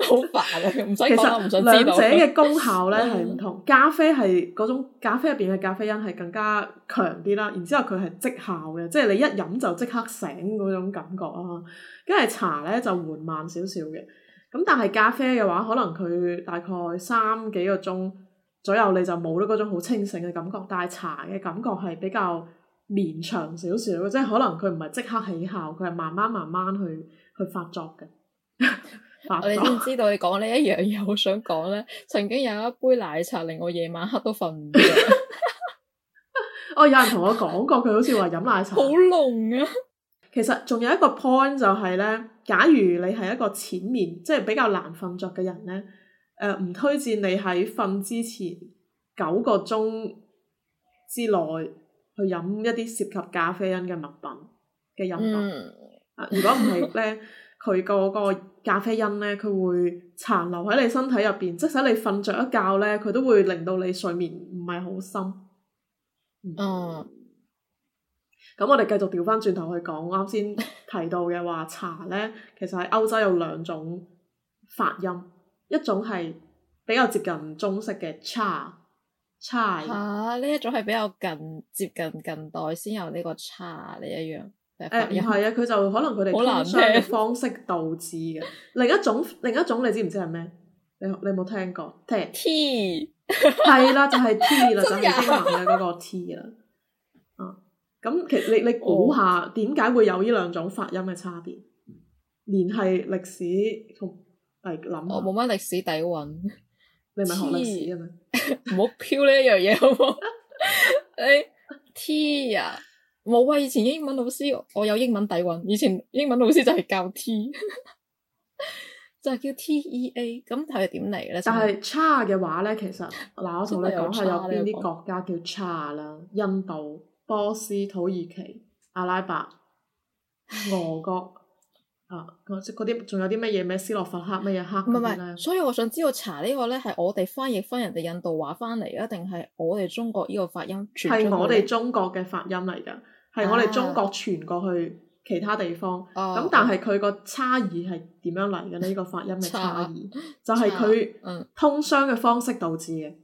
好煩啊！其實兩者嘅功效咧係唔同，咖啡係嗰種咖啡入邊嘅咖啡因係更加強啲啦。然之後佢係即效嘅，即係你一飲就即刻醒嗰種感覺咯。跟住茶咧就緩慢少少嘅，咁但係咖啡嘅話，可能佢大概三幾個鐘。左右你就冇咗嗰種好清醒嘅感覺，但係茶嘅感覺係比較綿長少少，即係可能佢唔係即刻起效，佢係慢慢慢慢去去發作嘅。我哋先知道你講呢一樣嘢，我想講咧，曾經有一杯奶茶令我夜晚黑都瞓唔着。 哦，有人同我講過，佢好似話飲奶茶 好濃嘅、啊。其實仲有一個 point 就係咧，假如你係一個淺面，即係比較難瞓着嘅人咧。誒、唔、呃、推薦你喺瞓之前九個鐘之內去飲一啲涉及咖啡因嘅物品嘅飲品。嗯呃、如果唔係呢，佢個個咖啡因呢，佢會殘留喺你身體入邊，即使你瞓着一覺呢，佢都會令到你睡眠唔係好深。嗯。咁、嗯嗯、我哋繼續調翻轉頭去講啱先提到嘅話， 茶呢，其實喺歐洲有兩種發音。一種係比較接近中式嘅差差啊，呢一種係比較近接近近代先有呢個差呢一樣。誒唔係啊，佢就可能佢哋通商嘅方式導致嘅。另一種另一種你知唔知係咩？你你有冇聽過聽？T T 係啦，就係、是、T 啦， 就係英文嘅嗰個 T 啦。嗯、啊，咁其實你你估下點解會有呢兩種發音嘅差別？聯繫歷史同。想想我冇乜歷史底蘊，你咪學歷史啊嘛！唔好飄呢一樣嘢好唔好？T 啊，冇啊！ 以前英文老師，我有英文底蘊。以前英文老師就係教 T， 就係叫 T E A。咁係點嚟嘅咧？但係差嘅話咧，其實嗱， 我同你講下有邊啲國家叫差啦。印度、波斯、土耳其、阿拉伯、伯、俄國。啊！嗰啲仲有啲乜嘢咩？斯洛伐克乜嘢黑？唔係唔係，麼所以我想知道查個呢個咧，係我哋翻譯翻人哋印度話翻嚟啊，定係我哋中國呢個發音傳？係我哋中國嘅發音嚟噶，係我哋中國傳過去其他地方。咁、啊、但係佢、這個差異係點樣嚟嘅咧？呢個發音嘅差異，就係佢通商嘅方式導致嘅、嗯。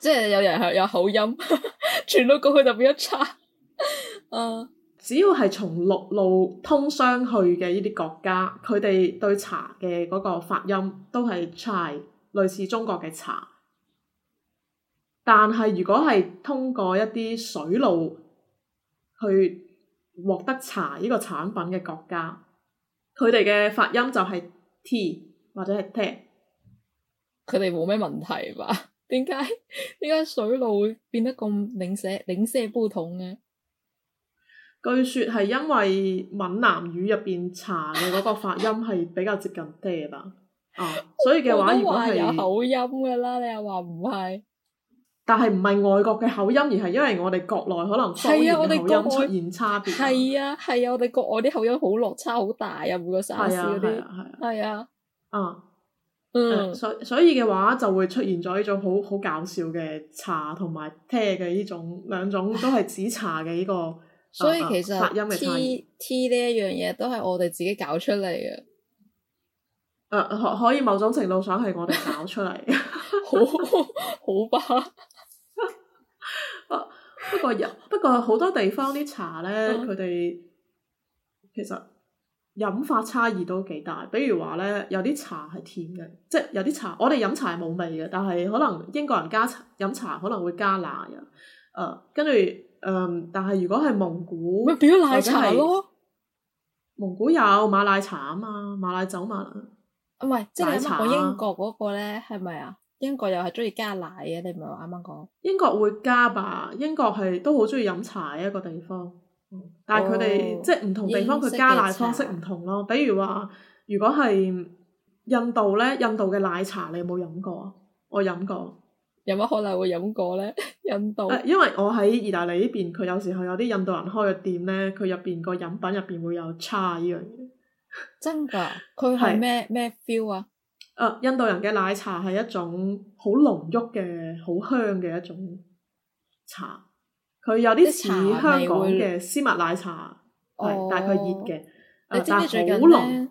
即係有人係有口音，全 到過去就變咗差。嗯、啊。只要係從陸路通商去嘅呢啲國家，佢哋對茶嘅嗰個發音都係 chai，類似中國嘅茶。但係如果係通過一啲水路去獲得茶呢個產品嘅國家，佢哋嘅發音就係、是、tea 或者係 te。佢哋冇咩問題吧？點解點解水路會變得咁零舍零舍不同嘅？據說係因為閩南語入邊茶嘅嗰個發音係比較接近嗲吧， 啊，所以嘅話如果係有口音嘅啦，你又話唔係，但係唔係外國嘅口音，而係因為我哋國內可能方言嘅口音出現差別，係啊係啊，我哋國外啲、啊啊啊、口音好落差好大啊，每個省市嗰啊，係啊，係啊，啊，啊嗯，所、啊、所以嘅話就會出現咗呢種好好搞笑嘅茶同埋嗲嘅呢種兩種都係指茶嘅呢、這個。 所以 So ,、uh, 其實 T T 呢一樣嘢都係我哋自己搞出嚟嘅，誒、嗯嗯、可以某種程度上係我哋搞出嚟，好好吧？不過不過好多地方啲茶咧，佢哋其實飲法差異都幾大。比如話咧，有啲茶係甜嘅，即、就、係、是、有啲茶我哋飲茶係冇味嘅，但係可能英國人加茶，飲茶可能會加奶啊，誒跟住。嗯，但係如果係蒙古奶茶咯，蒙古有馬奶茶啊嘛，馬奶酒嘛。唔係、啊、茶即係啱啱講英國嗰個咧係咪啊？英國又係中意加奶嘅，你唔係話啱啱講英國會加吧？英國係都好中意飲茶一個地方，但係佢哋即係唔同地方佢加奶方式唔同咯。比如話，如果係印度咧，印度嘅奶茶你有冇飲過？我飲過。有乜可能會飲過咧？印度，啊、因為我喺意大利呢邊，佢有時候有啲印度人開嘅店咧，佢入邊個飲品入邊會有茶呢樣嘢。真噶？佢係咩咩 feel 啊？誒、啊，印度人嘅奶茶係一種好濃郁嘅、好香嘅一種茶。佢有啲似香港嘅絲襪奶茶，係但係佢熱嘅，但係好濃。哦、濃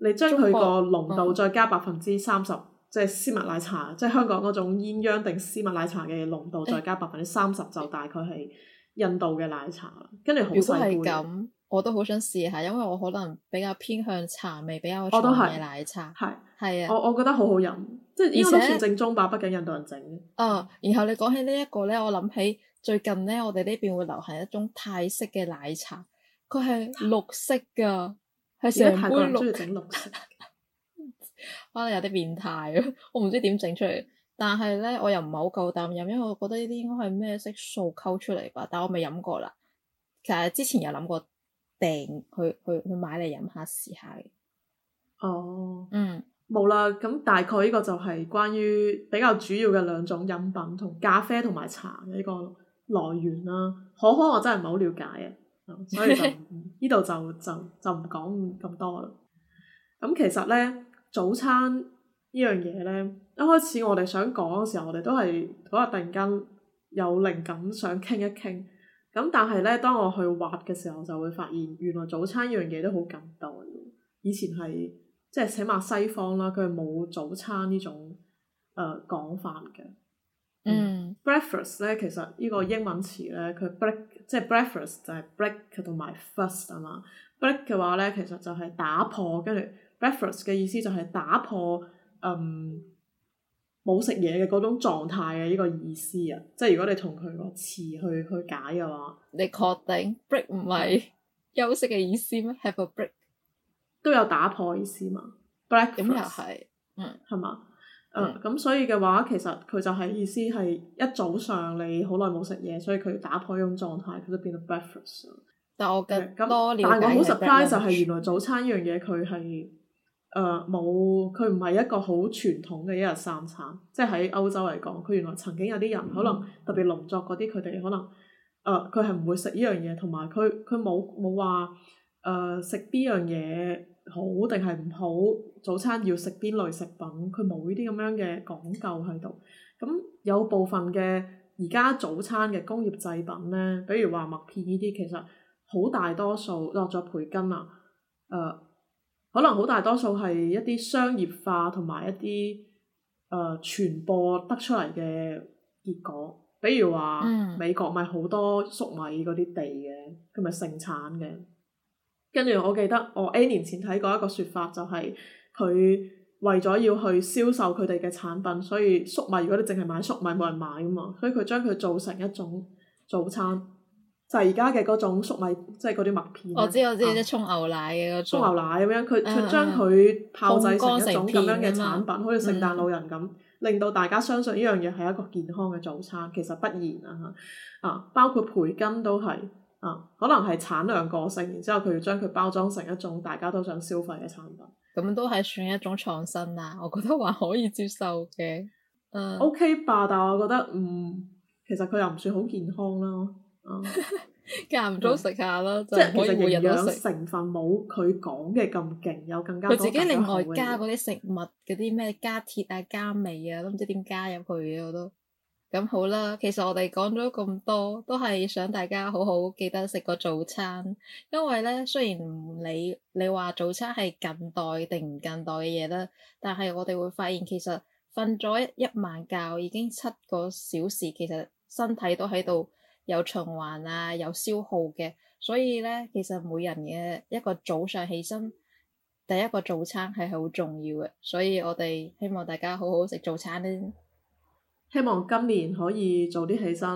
你將佢個濃度再加百分之三十。即係絲襪奶茶，即係香港嗰種鴛鴦定絲襪奶茶嘅濃度，再加百分之三十，就大概係印度嘅奶茶啦。跟住好細杯咁，我都好想試下，因為我可能比較偏向茶味比較重嘅奶茶。係係啊！的我我覺得好好飲，即係以前算正宗吧，畢竟印度人整。啊！然後你講起呢一個咧，我諗起最近咧，我哋呢邊會流行一種泰式嘅奶茶，佢係綠色㗎，係成、啊、杯綠。而泰國中意整綠色。 可能、啊、有啲變態啊，我唔知點整出嚟，但係咧我又唔係好夠膽飲，因為我覺得呢啲應該係咩色素溝出嚟吧，但我未飲過啦。其實之前有諗過訂去去去買嚟飲下試下嘅。哦，嗯，冇啦。咁大概呢個就係關於比較主要嘅兩種飲品，同咖啡同埋茶嘅呢個來源啦，啊。可可我真係唔係好了解啊，所以就呢度 就就就唔講咁多啦。咁其實咧。早餐呢樣嘢呢，一開始我哋想講嘅時候，我哋都係嗰日突然間有靈感想傾一傾。咁但係呢，當我去畫嘅時候，就會發現原來早餐呢樣嘢都好近代。以前係即係寫埋西方啦，佢係冇早餐呢種誒、呃、講法嘅。嗯，嗯，breakfast 呢其實呢個英文詞呢，佢 break 即係 break break breakfast 就係 break 同埋 first 啊嘛。break 嘅話呢，其實就係打破跟住。breakfast 嘅意思就係打破，嗯，冇食嘢嘅嗰種狀態嘅呢個意思啊，即係如果你同佢個詞去去解嘅話，你確定 break 唔係、嗯、休息嘅意思咩？Have a break 都有打破嘅意思嘛。break 咁又係，嗯，係嘛？嗯，咁所以嘅話，其實佢就係意思係一早上你好耐冇食嘢，所以佢打破呢種狀態，佢都變咗 breakfast。但我咁、嗯，但我好 surprise 就係原來早餐呢樣嘢佢係。誒冇，佢唔係一個好傳統嘅一日三餐，即係喺歐洲嚟講，佢原來曾經有啲人可能特別農作嗰啲，佢哋可能誒佢係唔會食呢、呃、樣嘢，同埋佢佢冇冇話誒食邊樣嘢好定係唔好，早餐要食邊類食品，佢冇呢啲咁樣嘅講究喺度。咁有部分嘅而家早餐嘅工業製品咧，比如話麥片呢啲，其實好大多數落咗培根啊，誒、呃。可能好大多數係一啲商業化同埋一啲誒、呃、傳播得出嚟嘅結果，比如話美國咪好多粟米嗰啲地嘅，佢咪盛產嘅。跟住我記得我 N 年前睇過一個説法，就係佢為咗要去銷售佢哋嘅產品，所以粟米如果你淨係買粟米冇人買噶嘛，所以佢將佢做成一種早餐。就係而家嘅嗰種粟米，即係嗰啲麥片。我知我知，啲、啊、沖牛奶嘅、啊、沖牛奶咁樣，佢佢將佢炮製成一種咁樣嘅產品，好似聖誕老人咁，嗯、令到大家相信依樣嘢係一個健康嘅早餐，其實不然啊！包括培根都係啊，可能係產量過剩，然之後佢要將佢包裝成一種大家都想消費嘅產品。咁都係算一種創新啊，我覺得還可以接受嘅、啊，OK 吧？但係我覺得，嗯，其實佢又唔算好健康囉。間唔中食下咯，即係其實營養成分冇佢講嘅咁勁，有更加。佢自己另外加嗰啲食物，嗰啲咩加鐵啊、加味啊，都唔知點加入去嘅。我都咁好啦。其實我哋講咗咁多，都係想大家好好記得食個早餐。因為咧，雖然你你話早餐係近代定唔近代嘅嘢啦，但係我哋會發現，其實瞓咗一,一晚覺已經七個小時，其實身體都喺度。有循環啊，有消耗嘅，所以咧，其實每人嘅一個早上起身第一個早餐係好重要嘅，所以我哋希望大家好好食早餐咧。希望今年可以早啲起身，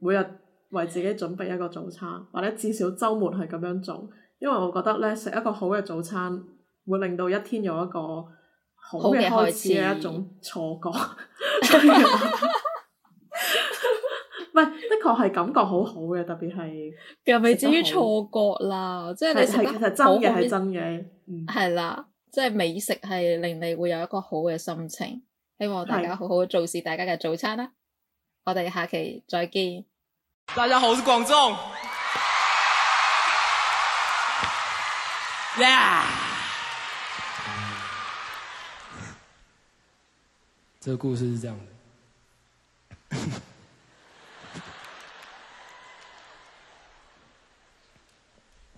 每日為自己準備一個早餐，或者至少週末係咁樣做，因為我覺得咧，食一個好嘅早餐會令到一天有一個好嘅開，開始嘅一種錯覺。的確係感覺好好嘅，特別係又未至於錯覺啦，即係你其實真嘅係真嘅，係啦，即係美食係令你會有一個好嘅心情，希望大家好好，好是做食大家嘅早餐啦，我哋下期再見，大家好，我是廣仲，呀，Yeah! 這個故事是這樣的。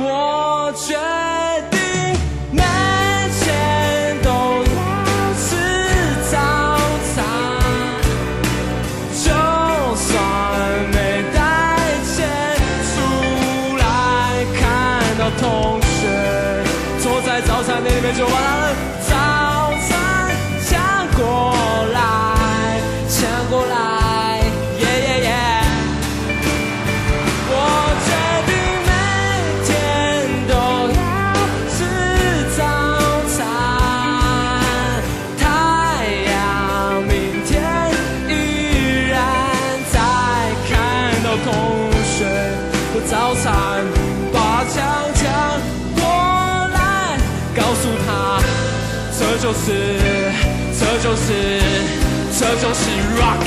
我決定。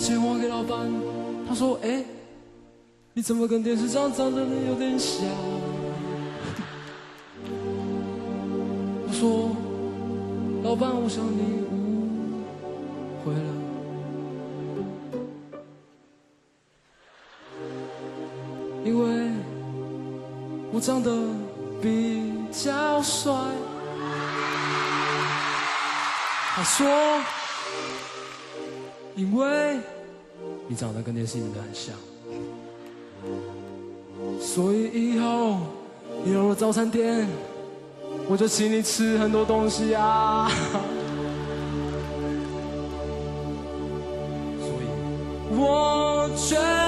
打電話給老闆，他說：誒、欸，你怎麼跟電視上長得有點像？ 他說：老闆，我想你誤會了，因為我長得比較帥。 他說。因為你長得跟電視裏的很像，所以以後你有咗早餐店，我就請你吃很多東西啊！ 所以，我真。